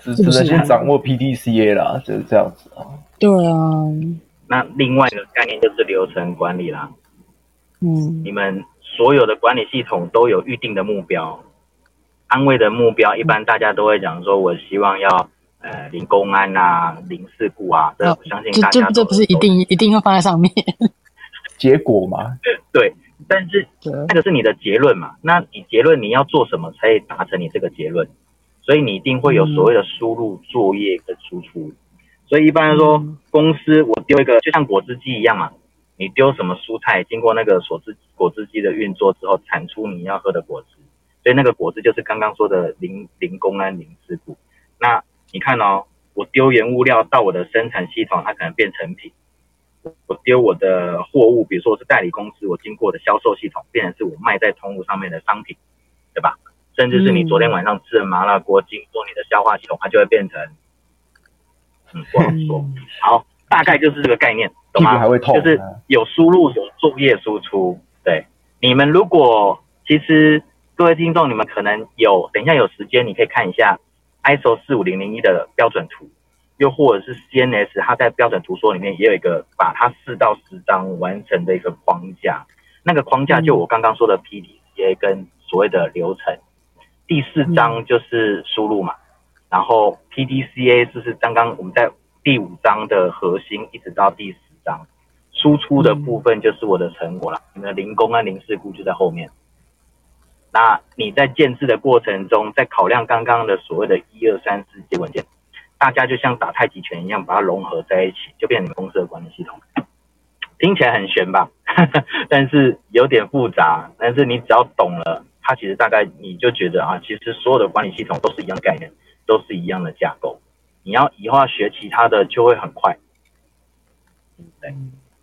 Speaker 1: 只能先掌握 PDCA 啦，
Speaker 3: 就是這樣子啊。對啊，
Speaker 1: 那另外一個概念就是流程
Speaker 2: 管理啦。嗯，
Speaker 3: 你
Speaker 2: 們所有的管理系統都有預定的目標，安慰的目標，一般大家都會講說，我希望要、嗯、呃零公安啊，零事故啊。這、喔、
Speaker 3: 相信大家都這這這不是一定一定要放在上面。 結果嘛，
Speaker 2: 對，但是這那個是你的結論嘛？那你結論你要做什麼，才能達成你這個結論？所以你一定會有所謂的輸入作業跟輸出。所以一般來說，公司我丟一個就像果汁機一樣嘛，你丟什麼蔬菜，經過那個果汁果汁機的運作之後，產出你要喝的果汁。所以那個果汁就是剛剛說的零零工安零事故。那你看哦，我丟原物料到我的生產系統，它可能變成品；我丟我的貨物，比如說我是代理公司，我經過我的銷售系統，變成是我賣在通路上面的商品，對吧？甚至是你昨天晚上吃的麻辣鍋，經、嗯、過你的消化系統，它就會變成，嗯，
Speaker 3: 不好說、
Speaker 2: 嗯。好，大概就是這個概念，
Speaker 3: 懂嗎？就是
Speaker 2: 有輸入、嗯、有作業輸出。對，你們如果其實各位聽眾，你們可能有，等一下有時間你可以看一下 ISO 四五零零一的標準圖，又或者是 CNS，它在標準圖說裡面也有一個把它四到十章完成的一個框架。那個框架就我剛剛說的 P D C A 跟所謂的流程。嗯嗯第四章就是輸入嘛，然後 P D C A 就是剛剛我們在第五章的核心，一直到第十章，輸出的部分就是我的成果啦。你們的零工安零事故就在後面。那你在建置的過程中，在考量剛剛的所謂的一二三四階文件，大家就像打太極拳一樣，把它融合在一起，就變成你們公司的管理系統。聽起來很玄吧？ 但是有點複雜，但是你只要懂了。他其實大概你就覺得啊，其實所有的管理系統都是一樣概念，都是一樣的架構。你要以後要學其他的就會很快。嗯，
Speaker 3: 對，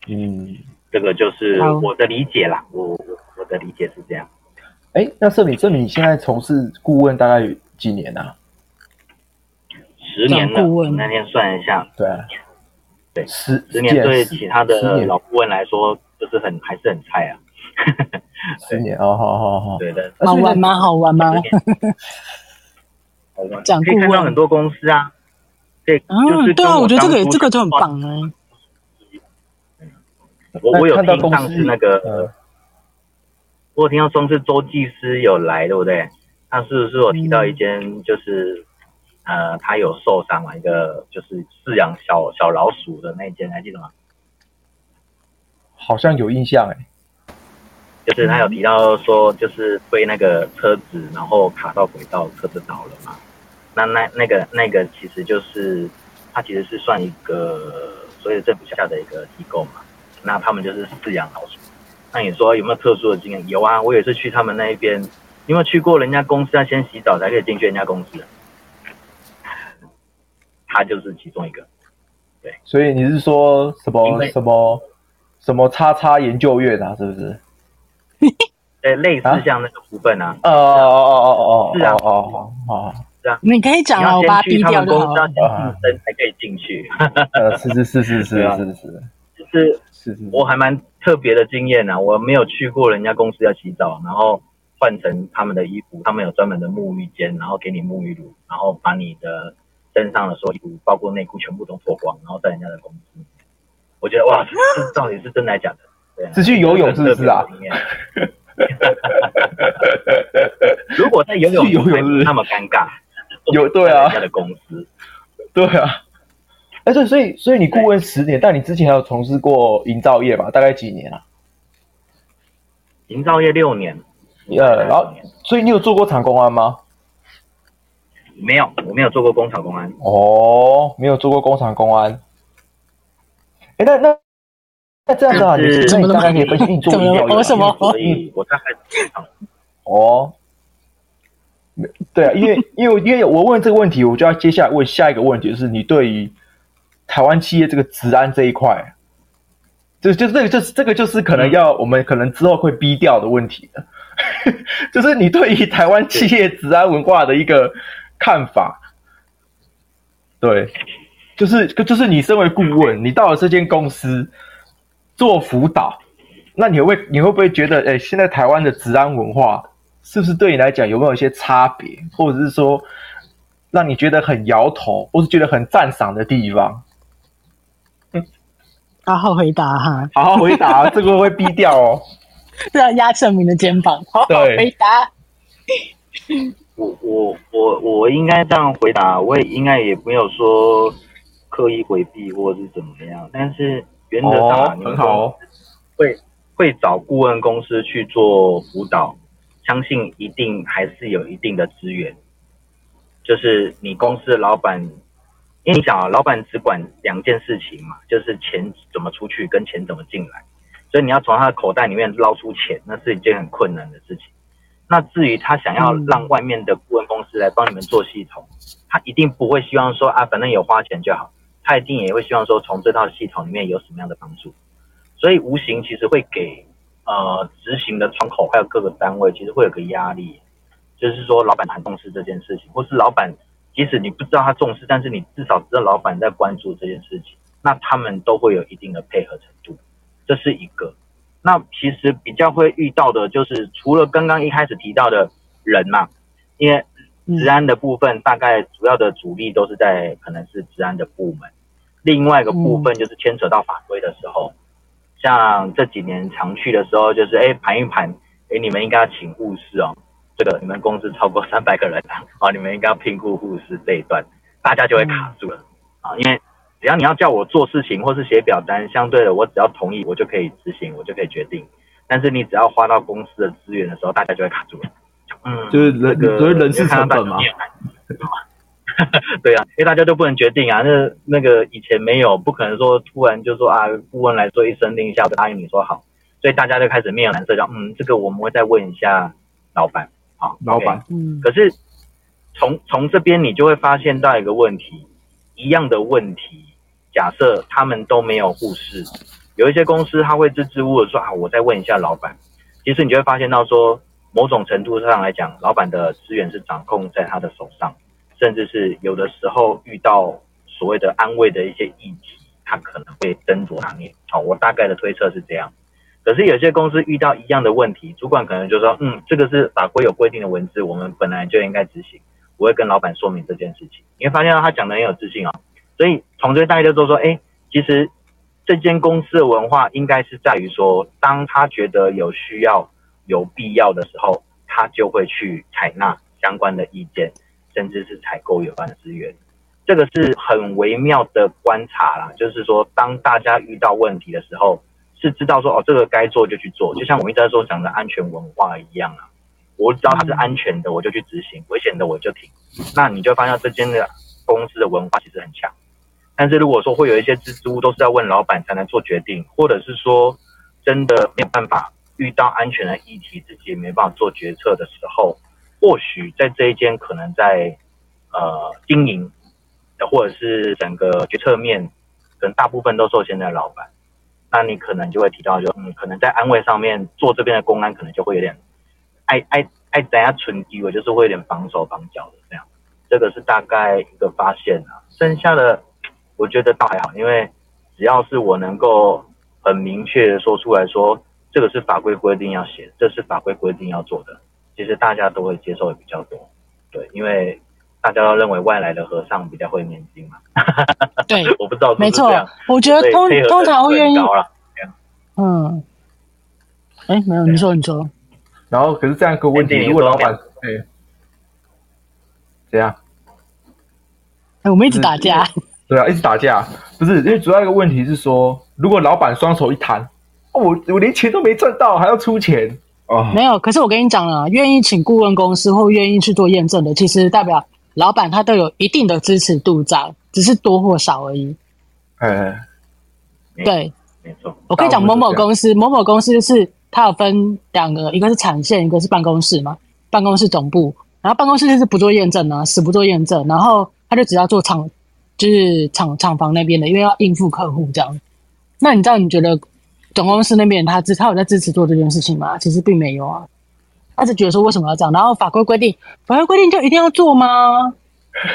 Speaker 3: 嗯，
Speaker 2: 這個就是我的理解啦。哦、我我我的理解是這樣。
Speaker 1: 哎，那勝銘，勝銘現在從事顧問大概幾年啊？十年了。
Speaker 2: 那，顧問那天算一下，
Speaker 1: 對啊，對，十
Speaker 2: 十年對其他的老顧問來說就是很還是很菜啊。
Speaker 3: 真的哦，好，好，好，對的，好玩嗎？好玩嗎？好、啊、玩，講 可、
Speaker 2: 啊、 可以看到很多公司啊，對， 嗯，就是對啊，我覺得這個這個就很棒哎、啊。我我有聽上次那個，我有聽到說是周技師有來的，對不對？他是不是有提到一間，就是、嗯、呃，他有受傷了，一個就是飼養小小老鼠的那一間，還記得嗎？
Speaker 1: 好像有印象哎、欸。
Speaker 2: 就是他有提到說，就是被那個車子，然後卡到軌道，車子倒了嘛。那那那個那個其實就是，他其實是算一個所謂政府下的一個機構嘛。那他們就是飼養老鼠。那你說有沒有特殊的經驗？有啊，我也是去他們那一邊，因為去過人家公司要先洗澡才可以進去人家公司。他就是其中一個。對。
Speaker 1: 所以你是說什麼什麼什麼叉叉研究院啊？是不是？
Speaker 2: 對，類似像那個部分啊，
Speaker 1: 哦、啊啊、哦哦哦哦哦，是啊，哦哦，哦，哦，
Speaker 3: 哦是、啊嗯、是啊，你可以講。你要先去他們公司要淨
Speaker 2: 身才可以進去。哈、 啊。是是是是是、 啊就是是，是是是，我還蠻特別的經驗啊，我沒有去過人家公司要洗澡，然後換成他們的衣服，他們有專門的沐浴間，然後給你沐浴露，然後把你的身上的所有衣服，包括內褲全部都脫光，然後在人家的公司，我覺得哇， 這到底是真的還是假的？
Speaker 1: 只去游泳是不是啊？ 如果在游泳游泳那麼尷尬。是是 有對啊，的 對啊。哎、啊，對、欸，所以所以，所以你顧問十年，但你之前還有從事過營造業吧？大概幾年啊？
Speaker 2: 營造業六年，
Speaker 1: 呃、yeah，然、啊、後所以你有做過廠公安嗎？
Speaker 2: 沒
Speaker 1: 有，我沒有做過工廠公安。哦，沒有做過工廠公安。哎，那那。那、啊、這樣子的、啊、話，就是你，是在你，你、啊、怎麼能跟你分析運作的表演？哦，什麼？哦，對啊，因為、哦、因為因為，因為我問這個問題，我就要接下來問下一個問題，就是你對於台灣企業這個職安這一塊，這就，就這個這這個就是可能要我們可能之後會避掉的問題了。嗯、 就是你對於台灣企業職安文化的一個看法，對，對就是就是你身為顧問、嗯，你到了這間公司，做輔導，那你會你會不會覺得，哎、欸，現在台灣的職安文化是不是對你來講有沒有一些差別，或者是說讓你覺得很搖頭，或是覺得很讚賞的地方？
Speaker 3: 好、嗯、好回答哈、啊，好好回答、啊， 這個會逼掉哦。是要壓勝銘的肩膀，好好回答。
Speaker 2: 我我我我應該這樣回答，我也應該也沒有說刻意回避或者是怎麼樣，但是。原則上、啊哦，很好、哦，會會找顧問公司去做輔導，相信一定還是有一定的資源。就是你公司的老闆，因為你想啊，老闆只管兩件事情嘛，就是錢怎麼出去跟錢怎麼進來，所以你要從他的口袋裡面撈出錢，那是一件很困難的事情。那至於他想要讓外面的顧問公司來幫你們做系統，他一定不會希望說啊，反正有花錢就好。他一定也會希望說，從這套系統裡面有什麼樣的幫助，所以無形其實會給呃執行的窗口還有各個單位其實會有個壓力，就是說老板很重視這件事情，或是老板即使你不知道他重視，但是你至少知道老板在關注這件事情，那他們都會有一定的配合程度。這是一個。那其實比較會遇到的就是除了剛剛一開始提到的人嘛，因為職安的部分大概主要的主力都是在可能是職安的部門。另外一個部分就是牽扯到法規的時候，嗯，像這幾年常去的時候，就是哎盤、欸、一盤，哎、欸、你們應該要請護士哦，這個你們公司超過三百個人，啊、哦、你們應該要聘雇護士這一段，大家就會卡住了，嗯、啊，因為只要你要叫我做事情或是寫表單，相對的我只要同意，我就可以執行，我就可以決定，但是你只要花到公司的資源的時候，大家就會卡住了，嗯，就是
Speaker 1: 那、這
Speaker 2: 個、就是、人是成本嗎？ 對啊，因為大家都不能決定啊，那那個以前沒有，不可能說突然就說啊，顧問來說一聲令下，不答應你說好，所以大家就開始面有難色，講嗯，這個我們會再問一下老闆，好，老闆，okay、嗯，可是從從這邊你就會發現到一個問題，一樣的問題，假設他們都沒有護士，有一些公司他會支支吾吾說啊，我再問一下老闆，其實你就會發現到說，某種程度上來講，老闆的資源是掌控在他的手上。甚至是有的時候遇到所謂的安衛的一些議題，他可能會斟酌拿捏。好、哦，我大概的推測是這樣。可是有些公司遇到一樣的問題，主管可能就說：“嗯，這個是法規有規定的文字，我們本來就應該執行。”我會跟老板說明這件事情。你會發現他講的很有自信啊、哦，所以從這大概就說，哎、欸，其實這間公司的文化應該是在於說，當他覺得有需要、有必要的時候，他就會去採納相關的意見。甚至是採購有關的資源，這個是很微妙的觀察啦。就是說，當大家遇到問題的時候，是知道說哦，這個該做就去做，就像我們一直在說講的安全文化一樣啊。我知道它是安全的，我就去執行；危險的我就停。那你就發現，這間的公司的文化其實很強。但是如果說會有一些支支吾吾都是要問老板才能做決定，或者是說真的沒有辦法遇到安全的議題，自己沒辦法做決策的時候。或許在這一間可能在，呃，經營，或者是整個決策面可能大部分都是我現在的老闆，那你可能就會提到，就嗯，可能在安衛上面做這邊的工安，可能就會有點愛愛愛大家存疑，我就是會有點綁手綁腳的這樣，這個是大概一個發現啊。剩下的我覺得倒還好，因為只要是我能夠很明確的說出來說，這個是法規規定要寫，這是法規規定要做的。其實大家都會接受的比較多，對，因為大家要認為外來的和尚比較會念經嘛。對， 我不
Speaker 3: 知道是不是，沒錯，我覺得通通，通常會願意。嗯，哎，沒有，
Speaker 1: 你說你說。然後，可是這樣一個問題，如果老闆，哎怎樣
Speaker 3: 哎，我們一直打架。
Speaker 1: 對啊，一直打架，不是因為主要一個問題是說，如果老闆雙手一攤，
Speaker 3: 哦，我我連
Speaker 1: 錢都沒賺到，還要出錢。哦、oh.，
Speaker 3: 沒有。可是我跟你講了、啊，願意請顧問公司或願意去做驗證的，其實代表老板他都有一定的支持度在，只是多或少而已。嗯、uh,，對，沒錯，我可以講某某公司，某某公司就是它有分兩個，一個是產線，一個是辦公室嘛。辦公室總部，然後辦公室就是不做驗證啊，死不做驗證。然後他就只要做廠，就是廠廠房那邊的，因為要應付客戶這樣。那你知道你覺得？總公司那邊，他支他有在支持做這件事情嗎？其實並沒有啊，他是覺得說，為什麼要這樣？然後法規規定，法規規定就一定要做嗎？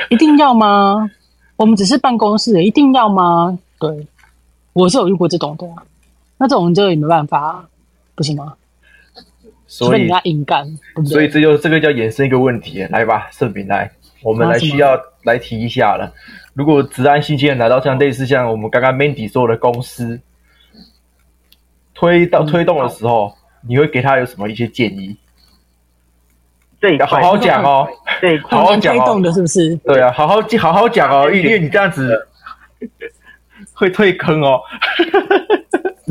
Speaker 3: 一定要嗎？ 我們只是辦公室的，一定要嗎？對，我是有遇過這種的，那這種就也沒辦法，不行嗎？
Speaker 1: 所以你要
Speaker 3: 硬幹，所以
Speaker 1: 這就這個叫延伸一個問題，來吧，勝銘來，我們來需要來提一下了。如果職安信息人來到像類似像我們剛剛 Mandy 說的公司。推到推動的時候、嗯，你會給他有什麼一些建議？對、喔，好好講哦、喔。這好好講哦、喔。是不是？對啊，好好好好講哦、喔，因為你這樣子會退坑哦、喔。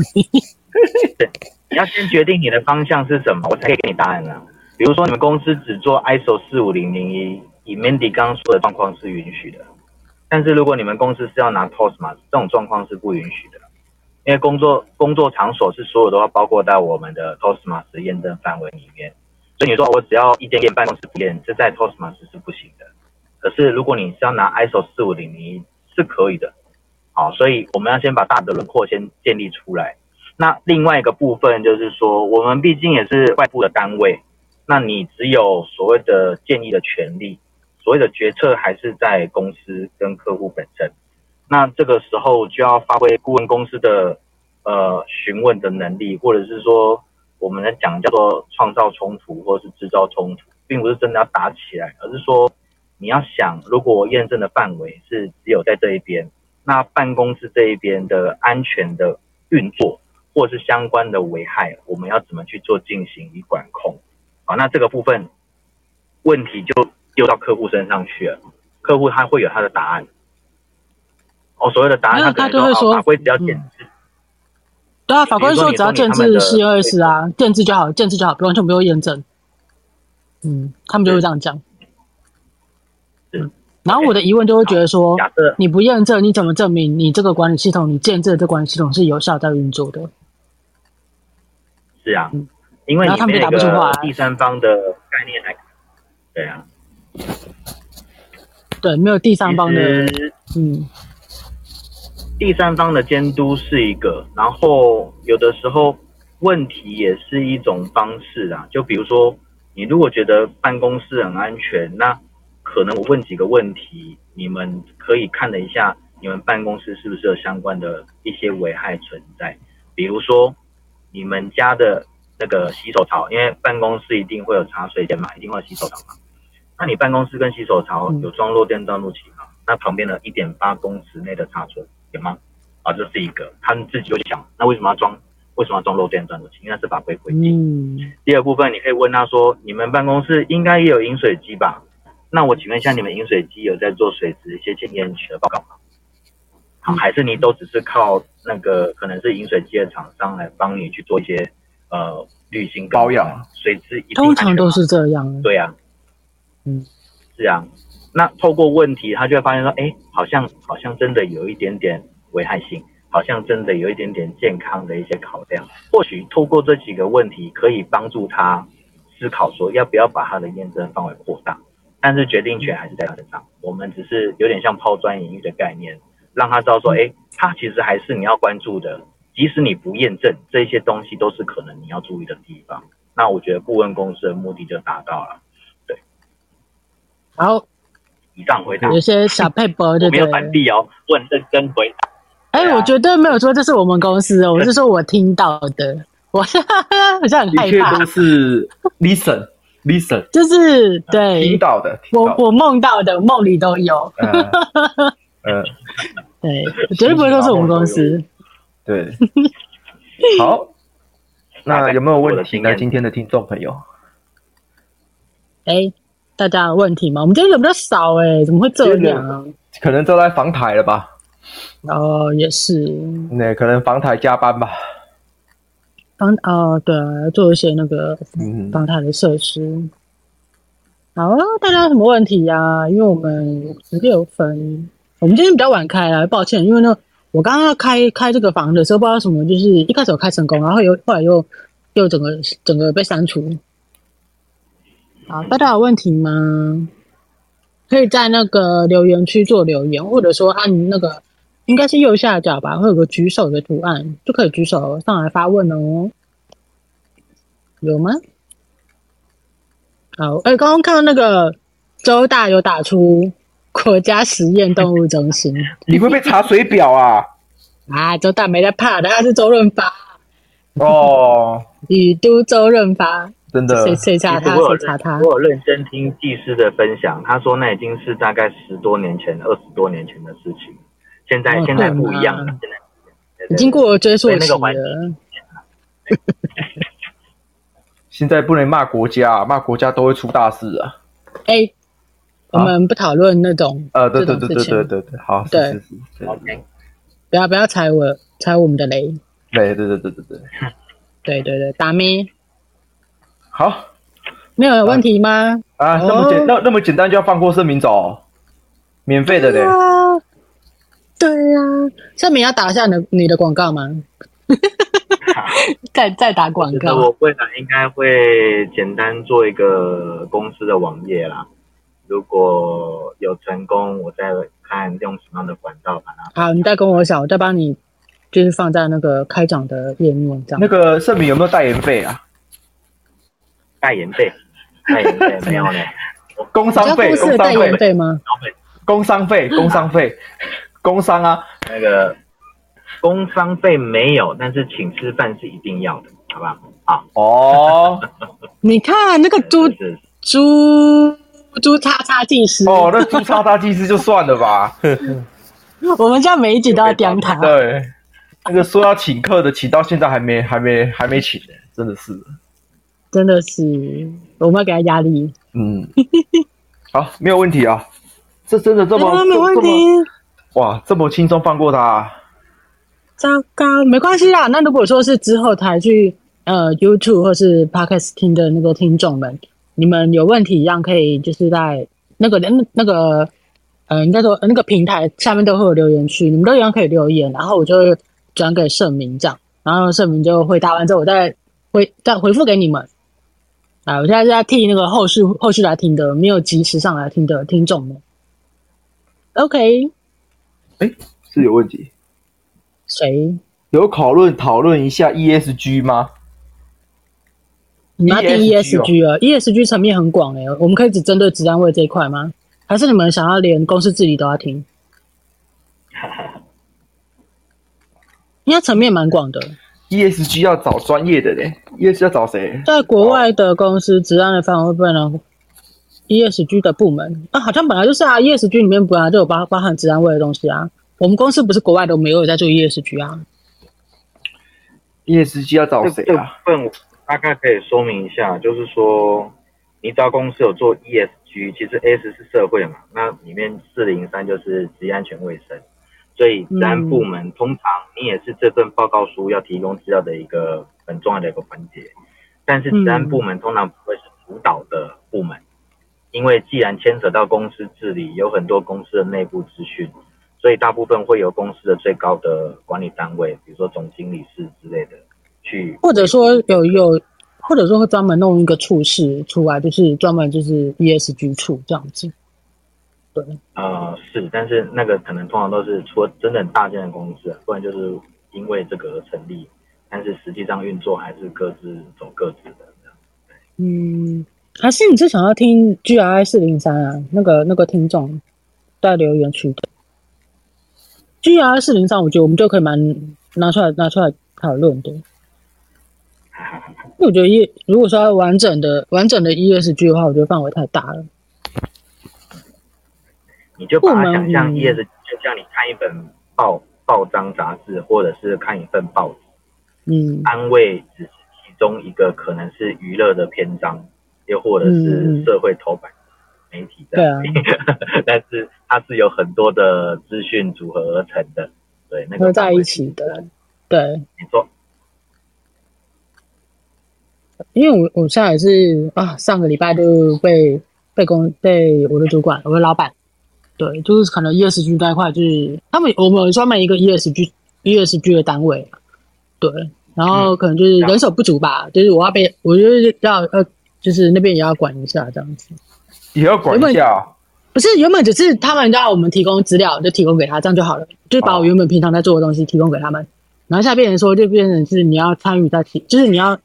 Speaker 1: 你
Speaker 2: 要先決定你的方向是什麼，我才可以給你答案啊。比如說，你們公司只做 ISO 四五零零一，以 Mandy 剛剛說的狀況是允許的；但是如果你們公司是要拿 TOSHMS 這種狀況是不允許的。因為工作工作場所是所有都要包括到我們的 TOSMAS 的驗證範圍裡面，所以你說我只要一點點辦公室不驗，這在 TOSMAS 是不行的。可是如果你是要拿 ISO 四五零，你是可以的。好，所以我們要先把大的輪廓先建立出來。那另外一個部分就是說，我們畢竟也是外部的單位，那你只有所謂的建議的權利，所謂的決策還是在公司跟客戶本身。那這個時候就要發揮顧問公司的，呃，詢問的能力，或者是說，我們能講叫做創造衝突，或是制造衝突，並不是真的要打起來，而是說，你要想，如果驗證的範圍是只有在這一邊，那辦公室這一邊的安全的運作，或是相關的危害，我們要怎麼去做進行與管控？好，那這個部分問題就丟到客戶身上去了，客戶他會有他的答案。哦，所謂的答案因為他、哦，他就會說法規比較簡。
Speaker 3: 字、嗯。對啊，法官說只要建置是二四啊，建置就好，建置就好，不完全不用驗證。嗯，他們就會這樣講、嗯。然後我的疑問就會覺得說，你不驗證，你怎麼證明你這個管理系統，你建置的這管理系統是有效在運作的？
Speaker 2: 是啊，嗯，因為他們也答不出話來。第三方的概
Speaker 3: 念來，對啊，對，沒有第三方的、那個，嗯。
Speaker 2: 第三方的監督是一個，然後有的時候問題也是一種方式啊，就比如說，你如果覺得辦公室很安全，那可能我問幾個問題，你們可以看了一下，你們辦公室是不是有相關的一些危害存在？比如說，你們家的那個洗手槽，因為辦公室一定會有茶水間嘛，一定會有洗手槽嘛。那你辦公室跟洗手槽有裝漏電斷路器嗎、嗯？那旁邊的一點八公尺內的插座。有嗎？啊，這是一個，他們自己就想，那為什麼要裝？為什麼要裝漏電斷路器？因為是法規規定。第二部分，你可以問他說：“你們辦公室應該也有飲水機吧？那我請問一下，你們飲水機有在做水質一些檢驗取得報告嗎、嗯？還是你都只是靠那個可能是飲水機的廠商來幫你去做一些呃濾芯保養水質一定
Speaker 3: 通常都是這樣。
Speaker 2: 對呀、啊，嗯，是啊。”那透過問題，他就會發現說：“哎、欸，好像好像真的有一點點危害性，好像真的有一點點健康的一些考量。或許透過這幾個問題，可以幫助他思考說要不要把他的驗證範圍擴大。但是決定權還是在他身上，我們只是有點像拋磚引玉的概念，讓他知道說：哎、欸，他其實還是你要關注的，即使你不驗證，這些東西都是可能你要注意的地方。那我覺得顧問公司的目的就達到了。對，
Speaker 3: 好。”有些小配博對不對？ 沒有反例
Speaker 2: 哦，我很認
Speaker 3: 真回答。哎、欸啊，我絕對沒有說這是我們公司，我是說我聽到的， 我是，我是很害怕。都
Speaker 1: 是 listen，listen，Listen
Speaker 3: 就是對聽到,聽到的，我我夢到的夢裡都有。嗯、呃，呃、 對，絕對不會說是我們公司。 對，
Speaker 1: 好，那有沒有問題？呢？今天的聽眾朋友，
Speaker 3: 哎。欸大家有問題嗎？我們今天人比較少哎、欸，怎麼會這樣？
Speaker 1: 可能坐在房檯了吧。
Speaker 3: 哦，也是。
Speaker 1: 那、嗯、可能房檯加班吧。
Speaker 3: 房哦，對、啊，做一些那個房檯的設施。嗯嗯好、啊，大家有什麼問題呀、啊？因為我們十六分，我們今天比較晚開了，抱歉。因為呢，我剛剛要開開這個房的時候，不知道什麼，就是一開始我開成功，然後又後來又又整個整個被刪除。好，大家有問題嗎？可以在那個留言區做留言，或者說按那個應該是右下角吧，會有個舉手的圖案，就可以舉手上來發問哦。有嗎？好，哎、欸，剛剛看到那個周大有打出國家實驗動物中心， 你會被查水表
Speaker 1: 啊？
Speaker 3: 啊，周大沒在怕的，他是周潤發哦，雨都周潤發。Oh. 真的他我他，我有
Speaker 1: 認真聽技師
Speaker 2: 的分享他，他說那已經是大概十多年前，二、嗯、十多年前的事情，現在、
Speaker 3: 嗯、現在不一樣了，啊、現在對對對已經過了追溯期了，那個環境，
Speaker 1: 現在不能罵國家，罵國家都會出大事，欸、
Speaker 3: 啊！我們不討論那種，呃、種呃，對對對對對對，對、對、對好是是是是，對，okay. 不要不要踩我踩我們的雷、
Speaker 1: 雷，對對對對對對，
Speaker 3: 對、對對對，打咩。好、哦，沒有，有問題嗎？啊，
Speaker 1: 啊哦、那麼簡那那麼簡單就要放過勝銘走，免費的嘞。
Speaker 3: 對啊，勝、啊、銘要打一下你你的廣告嗎？ 再、啊、再打廣告。我
Speaker 2: 未來應該會簡單做一個公司的網頁啦。如果有成功，我再看用什麼樣的管
Speaker 3: 道把它。好，你再跟我講，我再幫你，就是放在那個開講的頁面這樣。那個
Speaker 1: 勝銘有沒有代言費啊？代言 費代言費，沒有嘞。
Speaker 2: 工商費，工商費，對嗎？
Speaker 1: 工商費，工商費， 工商啊，那
Speaker 2: 個工商費沒有，但是請吃飯是一定要
Speaker 1: 的，好不好？啊
Speaker 3: 哦， 你看那個豬豬
Speaker 1: 朱叉叉技師哦，那豬叉叉技師就算了吧。
Speaker 3: 我們家每一集都要點他。對, 對，
Speaker 1: 那個說要請客的，請到現在還沒還沒還沒請呢、欸，真的是。
Speaker 3: 真的是，我們要給他壓力。
Speaker 1: 嗯，好，沒有問題啊。
Speaker 3: 這真的這麼，沒問題。
Speaker 1: 哇，這麼輕鬆放過他、啊。
Speaker 3: 糟糕，沒關係啦。那如果說是之後台去呃 YouTube 或是 Parkett 的那個聽眾們，你們有問題一樣可以，就是在那個那那個，嗯，應該說那個平台下面都會有留言區，你們都一樣可以留言，然後我就轉給盛明這樣，然後盛明就回答完之後，我再回再回覆給你們。好，我現在是在替那個後續後續來聽的，沒有及時上來聽的聽眾們。OK，誒是
Speaker 1: 有問題。誰有討論討論一下 ESG 嗎？
Speaker 3: 你要聽 ESG 啊，ESG、哦，ESG 層面很廣哎、欸，我們可以只針對職安衛這一塊嗎？還是你們想要連公司治理都要聽？哈哈，因為層面蠻廣的。
Speaker 1: E S G 要找專業的人，E S G 要找誰？
Speaker 3: 在國外的公司，職、哦、安的範圍不能，E S G 的部門啊，好像本來就是啊，E S G 裡面本來就有包包含職安衛的東西啊。我們公司不是國外都沒有在做 E S G 啊。E S G 要找誰啊？這
Speaker 2: 部分，大概可以說明一下，就是說你知道公司有做 E S G，其實 S 是社會嘛，那裡面四零三就是職業安全衛生。所以，職安部門通常，你也是這份報告書要提供資料的一個很重要的一個環節。但是，職安部門通常不會是主導的部門，因為既然牽扯到公司治理，有很多公司的內部資訊，所以大部分會由公司的最高的管理單位，比如說總經理室之類的去。
Speaker 3: 或者說，有有，或者說會專門弄一個處室出來，就是專門就是 ESG 處，這樣子。對
Speaker 2: 呃，是，但是那個可能通常都是出真正大件的公司，啊，不然就是因為這個成立，但是實際上運作還是各自走各自的，
Speaker 3: 嗯，還是你是想要聽 GRI 403啊？那個那個聽眾在留言區的 GRI 403，GR403，我覺得我們就可以蠻拿出來拿出來討論的。對 我覺得一如果說要完整的完整的 ESG 的話，我覺得範圍太大了。
Speaker 2: 你就把它想象，葉子就像你看一本報報章雜誌，或者是看一份報紙。
Speaker 3: 嗯。
Speaker 2: 安慰只是其中一個可能是娛樂的篇章，又或者是社會頭版、嗯、
Speaker 3: 媒體的。對、啊、
Speaker 2: 但是它是有很多的資訊組合而成的。對，那
Speaker 3: 個。合在一起的。對。沒錯。因為我我現在也是啊，上個禮拜就被被公，被我的主管我的老闆。對，就是可能 ESG 那一塊，就是他們我們有專門一個 ESG ESG 的單位，對，然後可能就是人手不足吧，嗯、就是我要被，我就是要要、呃，就是那邊也要管一下這樣子，
Speaker 1: 也要管
Speaker 3: 一下、啊，不是原本只是他們讓我們提供資料，就提供給他，這樣就好了，就把我原本平常在做的東西提供給他們，哦、然後下邊人說就變成是你要參與在提，就是你要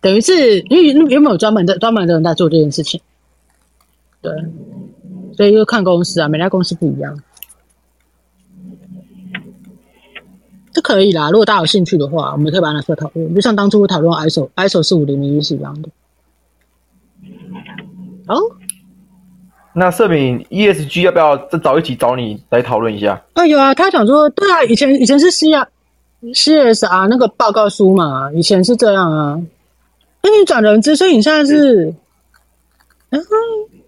Speaker 3: 等於是，因為原本有專門的專門的人在做這件事情，對。所以就看公司啊，每家公司不一樣，這可以啦。如果大家有興趣的話，我們可以把它拿出來討論。就像當初討論 ISO，ISO 四五零零一，是一樣的。哦，
Speaker 1: 那社民 ESG 要不要再找一集找你來討論一下？
Speaker 3: 哎有啊，他想說，對啊，以前以前是 CSR，CSR CSR 那個報告書嘛，以前是這樣啊。那你轉人資，所以你現在是然、嗯嗯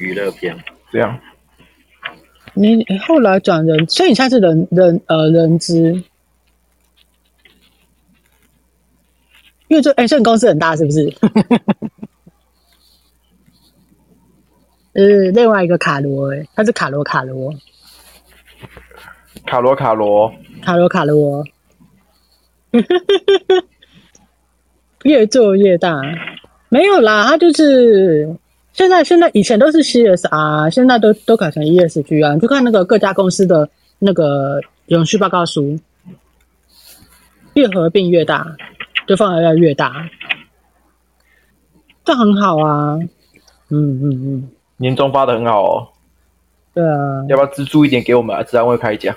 Speaker 3: 娛樂片，這樣你後來轉人，所以你現在是人人呃人資，因為做哎，所、欸、以公司很大，是不是？ 呃，另外一個卡羅、欸，他是卡羅卡羅，
Speaker 1: 卡羅卡羅，
Speaker 3: 卡羅卡羅，卡羅卡羅 越做越大，沒有啦，他就是。現在現在以前都是 CSR，現在都都改成 ESG 啊，你就看那個各家公司的那個永續報告書。越合併越大，就方要要越大，這很好啊。嗯嗯
Speaker 1: 嗯，年終發的很好哦。
Speaker 3: 對啊，
Speaker 1: 要不要資助一點給我們？自然會開獎。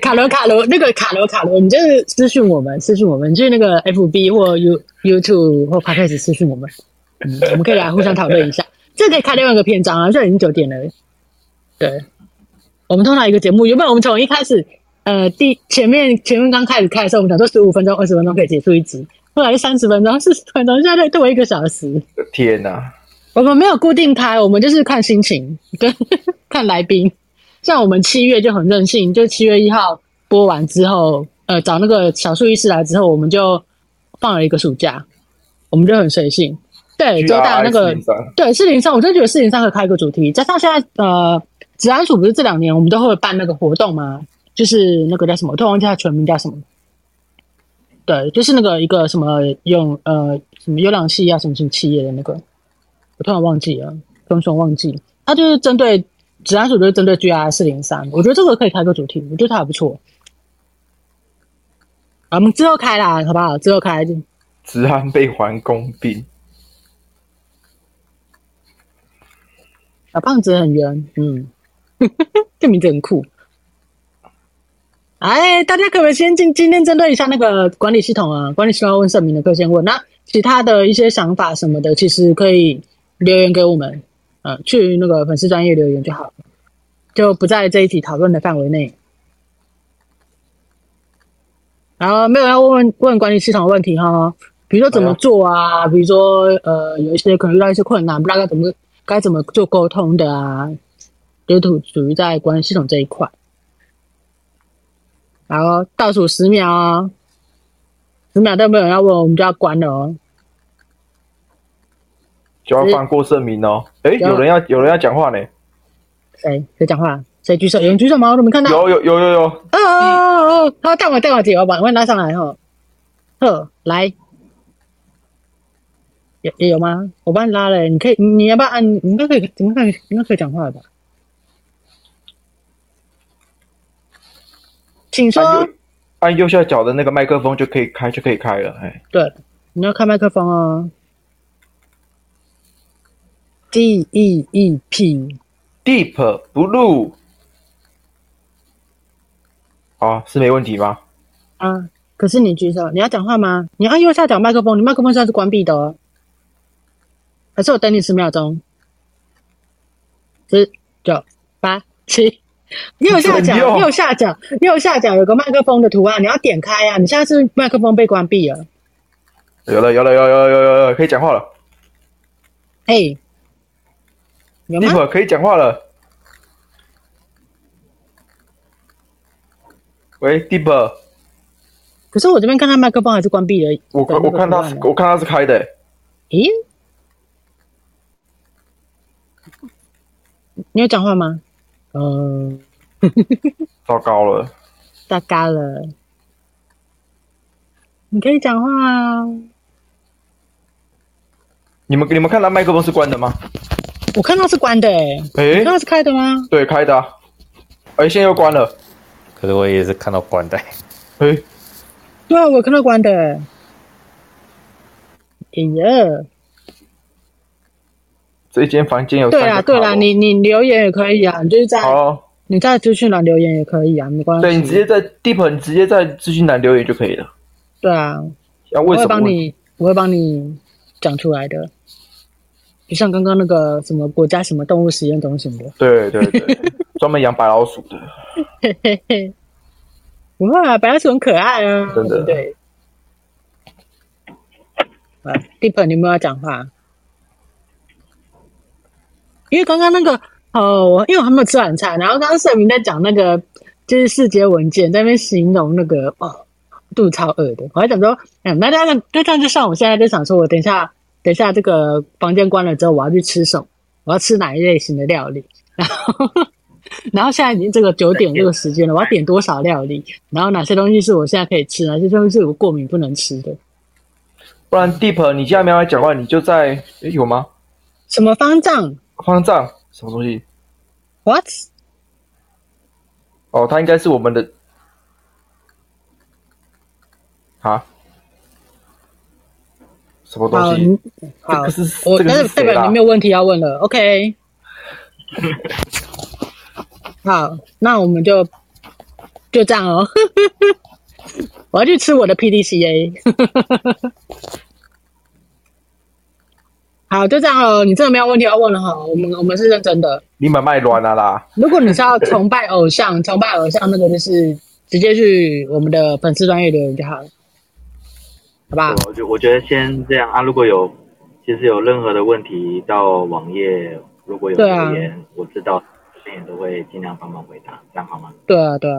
Speaker 3: 卡羅卡羅，那個卡羅卡羅，你就是私訊我們，私訊我們，就是那個 FB 或 You YouTube 或 Podcast 私訊我們。嗯，我們可以來互相討論一下， 這可以開另外一個篇章啊！現在已經九點了，對，我們通常一個節目原本我們從一開始，呃，第前面前面剛開始開的時候，我們講說十五分鐘、二十分鐘可以結束一集，後來是三十分鐘、四十分鐘，現在都拖一個小時。
Speaker 1: 天哪、啊！
Speaker 3: 我們沒有固定開，我們就是看心情，跟 看來賓。像我們七月就很任性，就七月一號播完之後，呃，找那個小樹醫師來之後，我們就放了一個暑假，我們就很隨性。對，就帶那個，403? 對，四零三，我真的覺得四零三可以開一個主題，加上現在呃，職安署不是這兩年我們都會辦那個活動嗎？就是那個叫什麼，我突然忘記它全名叫什麼。對，就是那個一個什麼用呃什麼優良系啊什麼什麼企業的那個，我突然忘記了，突然忘記，它就是針對職安署，就是針對 G R 四零三，我覺得這個可以開個主題，我覺得它還不錯。啊，我們之後開啦，好不好？之後開，
Speaker 1: 職安被環工兵。
Speaker 3: 小、啊、胖子很圓，嗯呵呵，這名字很酷。哎，大家可不可以先今今天針對一下那個管理系統啊？管理系統要問勝銘的可以先問，那其他的一些想法什麼的，其實可以留言給我們，呃，去那個粉絲專業留言就好，就不在這一題討論的範圍內。然後沒有要問問問管理系統的問題哈，比如說怎麼做啊？哎、比如說呃，有一些可能遇到一些困難，不知道該怎麼。該怎麼做溝通的啊？就屬於在管理系統這一塊，哦，然後倒數十秒哦，十秒都沒有人要問，我們就要關了
Speaker 1: 哦。就要放過勝銘哦。哎、欸，有人要，有人要講話呢。哎，
Speaker 3: 誰講話？誰舉手？有人舉手嗎？我都沒看到。有
Speaker 1: 有有有有。哦
Speaker 3: 哦哦哦！好，待會待會姐要把我拉上來哈。呵，來。也也有嗎？我幫你拉了，欸，你可以你，你要不要按？應該可以，應該可以，應該可以講話了吧？
Speaker 1: 請說。按右，按右下角的那個麥克風就可以開，就可以開了，嘿。
Speaker 3: 對，你要開麥克風啊，哦。Deep Deep Blue。
Speaker 1: 好，哦，是沒問題吧？
Speaker 3: 啊，可是你舉手，你要講話嗎？你按右下角麥克風，你麥克風現在是關閉的哦。可是我等你十秒鐘，十九八七，右下角右下角右下角有個麥克風的圖案，你要點開呀、啊？你現在是麥克風被關閉了。有了
Speaker 1: 有了有了有了有了,有了可以講話了。
Speaker 3: 嘿
Speaker 1: Deep 可以講話了。有喂，Deep。
Speaker 3: 可是我這邊看他麥克風還是關閉的。我看我看他
Speaker 1: 我看他是開的、欸。咦、欸？
Speaker 3: 你有講話嗎？嗯， 糟糕了，糟糕了！你可以講話啊、
Speaker 1: 哦！你們你們看到麥克風是關的嗎？
Speaker 3: 我看到是關的、欸，誒、欸、那是開的嗎？
Speaker 1: 對，開的、啊。哎、欸，現在又關了。可是我也是看到關的、欸。
Speaker 3: 誒、欸、對啊，我看到關的。哎呀！
Speaker 1: 這間房間有，對啊，對啊，
Speaker 3: 你你留言也可以啊，你就是在好、哦、你，在資訊欄留言也可以啊，沒關係。對，你直接
Speaker 1: 在 Deep 你直接在資訊欄留言就可以
Speaker 3: 了。對啊，我會幫你，我會幫你講出來的。就像剛剛那個什麼國家什麼動物實驗中心的，對
Speaker 1: 對對，對對 專門養白老鼠的。
Speaker 3: 哇，白老鼠很可愛啊！真的。對。啊 Deep 你有沒有講話？因為剛剛那個哦，因為我還沒有吃晚餐，然後剛剛勝銘在講那個就是四階文件，在那邊形容那個啊肚、哦、超餓的。我還想說，嗯、哎，那他那他就上，我現在就想說，我等一下等一下這個房間關了之後，我要去吃什麼？我要吃哪一類型的料理？然後然後現在已經這個九點這個時間了，我要點多少料理？然後哪些東西是我現在可以吃，哪些東西是我過敏不能吃的。
Speaker 1: 不然 Deep，你現在沒有來講話，你就在誒有嗎？什麼方丈？方丈，什麼東西？What？哦，他應該是我們的。好，什麼東西？哦東西 oh, 好，這個，是我，那，這個，是代表你沒有
Speaker 3: 問題要問了。OK。 好，那我們就就這樣哦。 我要去吃我的 PDCA。 好，就這樣好了。你真的沒有問題要問了哈。我們我們是認真的。
Speaker 1: 你們賣亂了
Speaker 3: 啦！如果你是要崇拜偶像， 崇拜偶像，那個就是直接去我們的粉絲專頁留言就好了。
Speaker 2: 好吧？我就我覺得先這樣啊。如果有其實有任何的問題到網頁，如果有留言，啊、我知道這邊都會盡量幫忙回答，
Speaker 3: 這樣好嗎？對啊，對啊。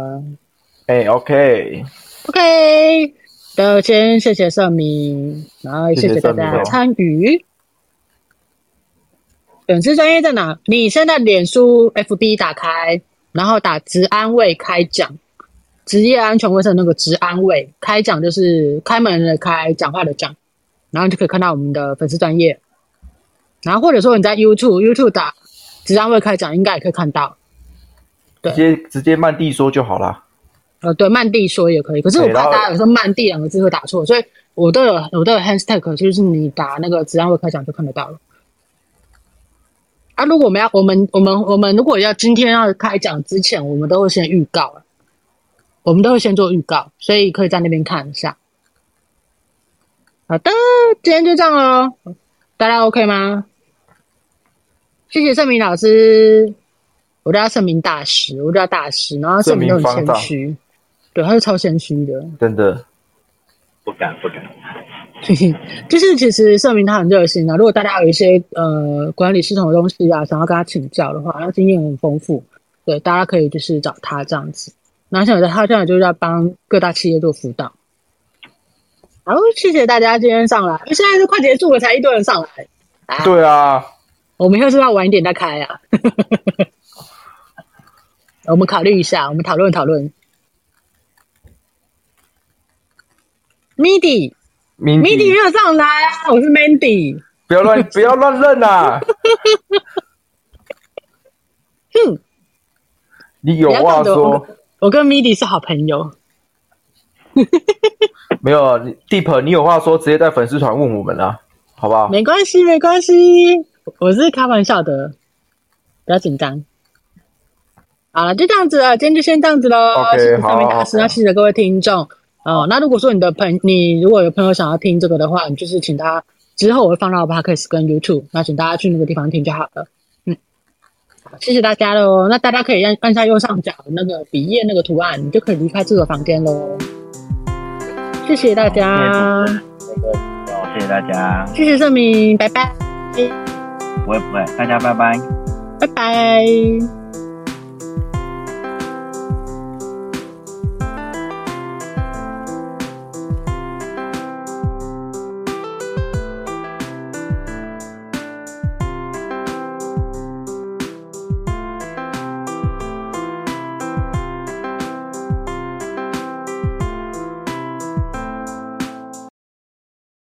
Speaker 1: 哎、欸，OK，OK。
Speaker 3: 首、okay okay, 先謝謝勝銘，然後謝謝大家參與。謝謝粉絲專頁在哪？你現在臉書 FB 打開，然後打“職安衛開講”，職業安全衛生那個“職安衛開講”就是開門的開，講話的講，然後就可以看到我們的粉絲專頁。然後或者說你在 YouTube YouTube 打“職安衛開講”，應該也可以看到。
Speaker 1: 對，直接直接曼蒂說，就好啦。
Speaker 3: 呃，對，曼蒂說也可以，可是，我怕大家有時候“曼蒂”兩個字會打錯，所以我都有我都有 Hashtag，就是你打那個“職安衛開講”就看得到了。啊！如果我們要，我們我們我們如果要今天要開講之前，我們都會先預告，我們都會先做預告，所以可以在那邊看一下。好的，今天就這樣嘍，大家 OK 嗎？謝謝勝銘老師，我叫他勝銘大師，我叫他大師，然後勝銘都很謙虛，對，他是超謙虛的，
Speaker 1: 真的，不敢不敢。
Speaker 3: 就是其實勝銘他很熱心的、啊，如果大家有一些呃管理系統的東西啊，想要跟他請教的話，他經驗很豐富，對，大家可以就是找他這樣子。然後現在他現在就是在幫各大企業做輔導。好，謝謝大家今天上來，現在都快結束了才一堆人上來、啊。對啊。我們要是要晚一點再開啊。 我們考慮一下，我們討論討論。
Speaker 1: MIDI。米迪沒有
Speaker 3: 上來啊！我是
Speaker 1: Mandy，不要亂 不要亂認
Speaker 3: 吶、啊！哼、 嗯，你有話說？我跟米迪是好朋友。
Speaker 1: 沒有啊，Deep，你有話說直接在粉絲團問我們啦、啊，好不好？
Speaker 3: 沒關係，沒關係，我是開玩笑的，不要緊張。好了，就這樣子了，今天就先這樣子嘍。Okay, 謝謝勝銘大師，那謝謝各位聽眾。哦，那如果說你的朋友，你如果有朋友想要聽這個的話，你就是請他之後我會放到 Podcast 跟 YouTube，那請大家去那個地方聽就好了。嗯，好，謝謝大家嘍。那大家可以按按下右上角那個筆頁那個圖案，你就可以離開這個房間嘍、嗯。謝謝大家，
Speaker 2: 謝謝大
Speaker 3: 家，謝謝勝銘，拜拜。
Speaker 2: 我不會不會，大家拜拜，
Speaker 3: 拜拜。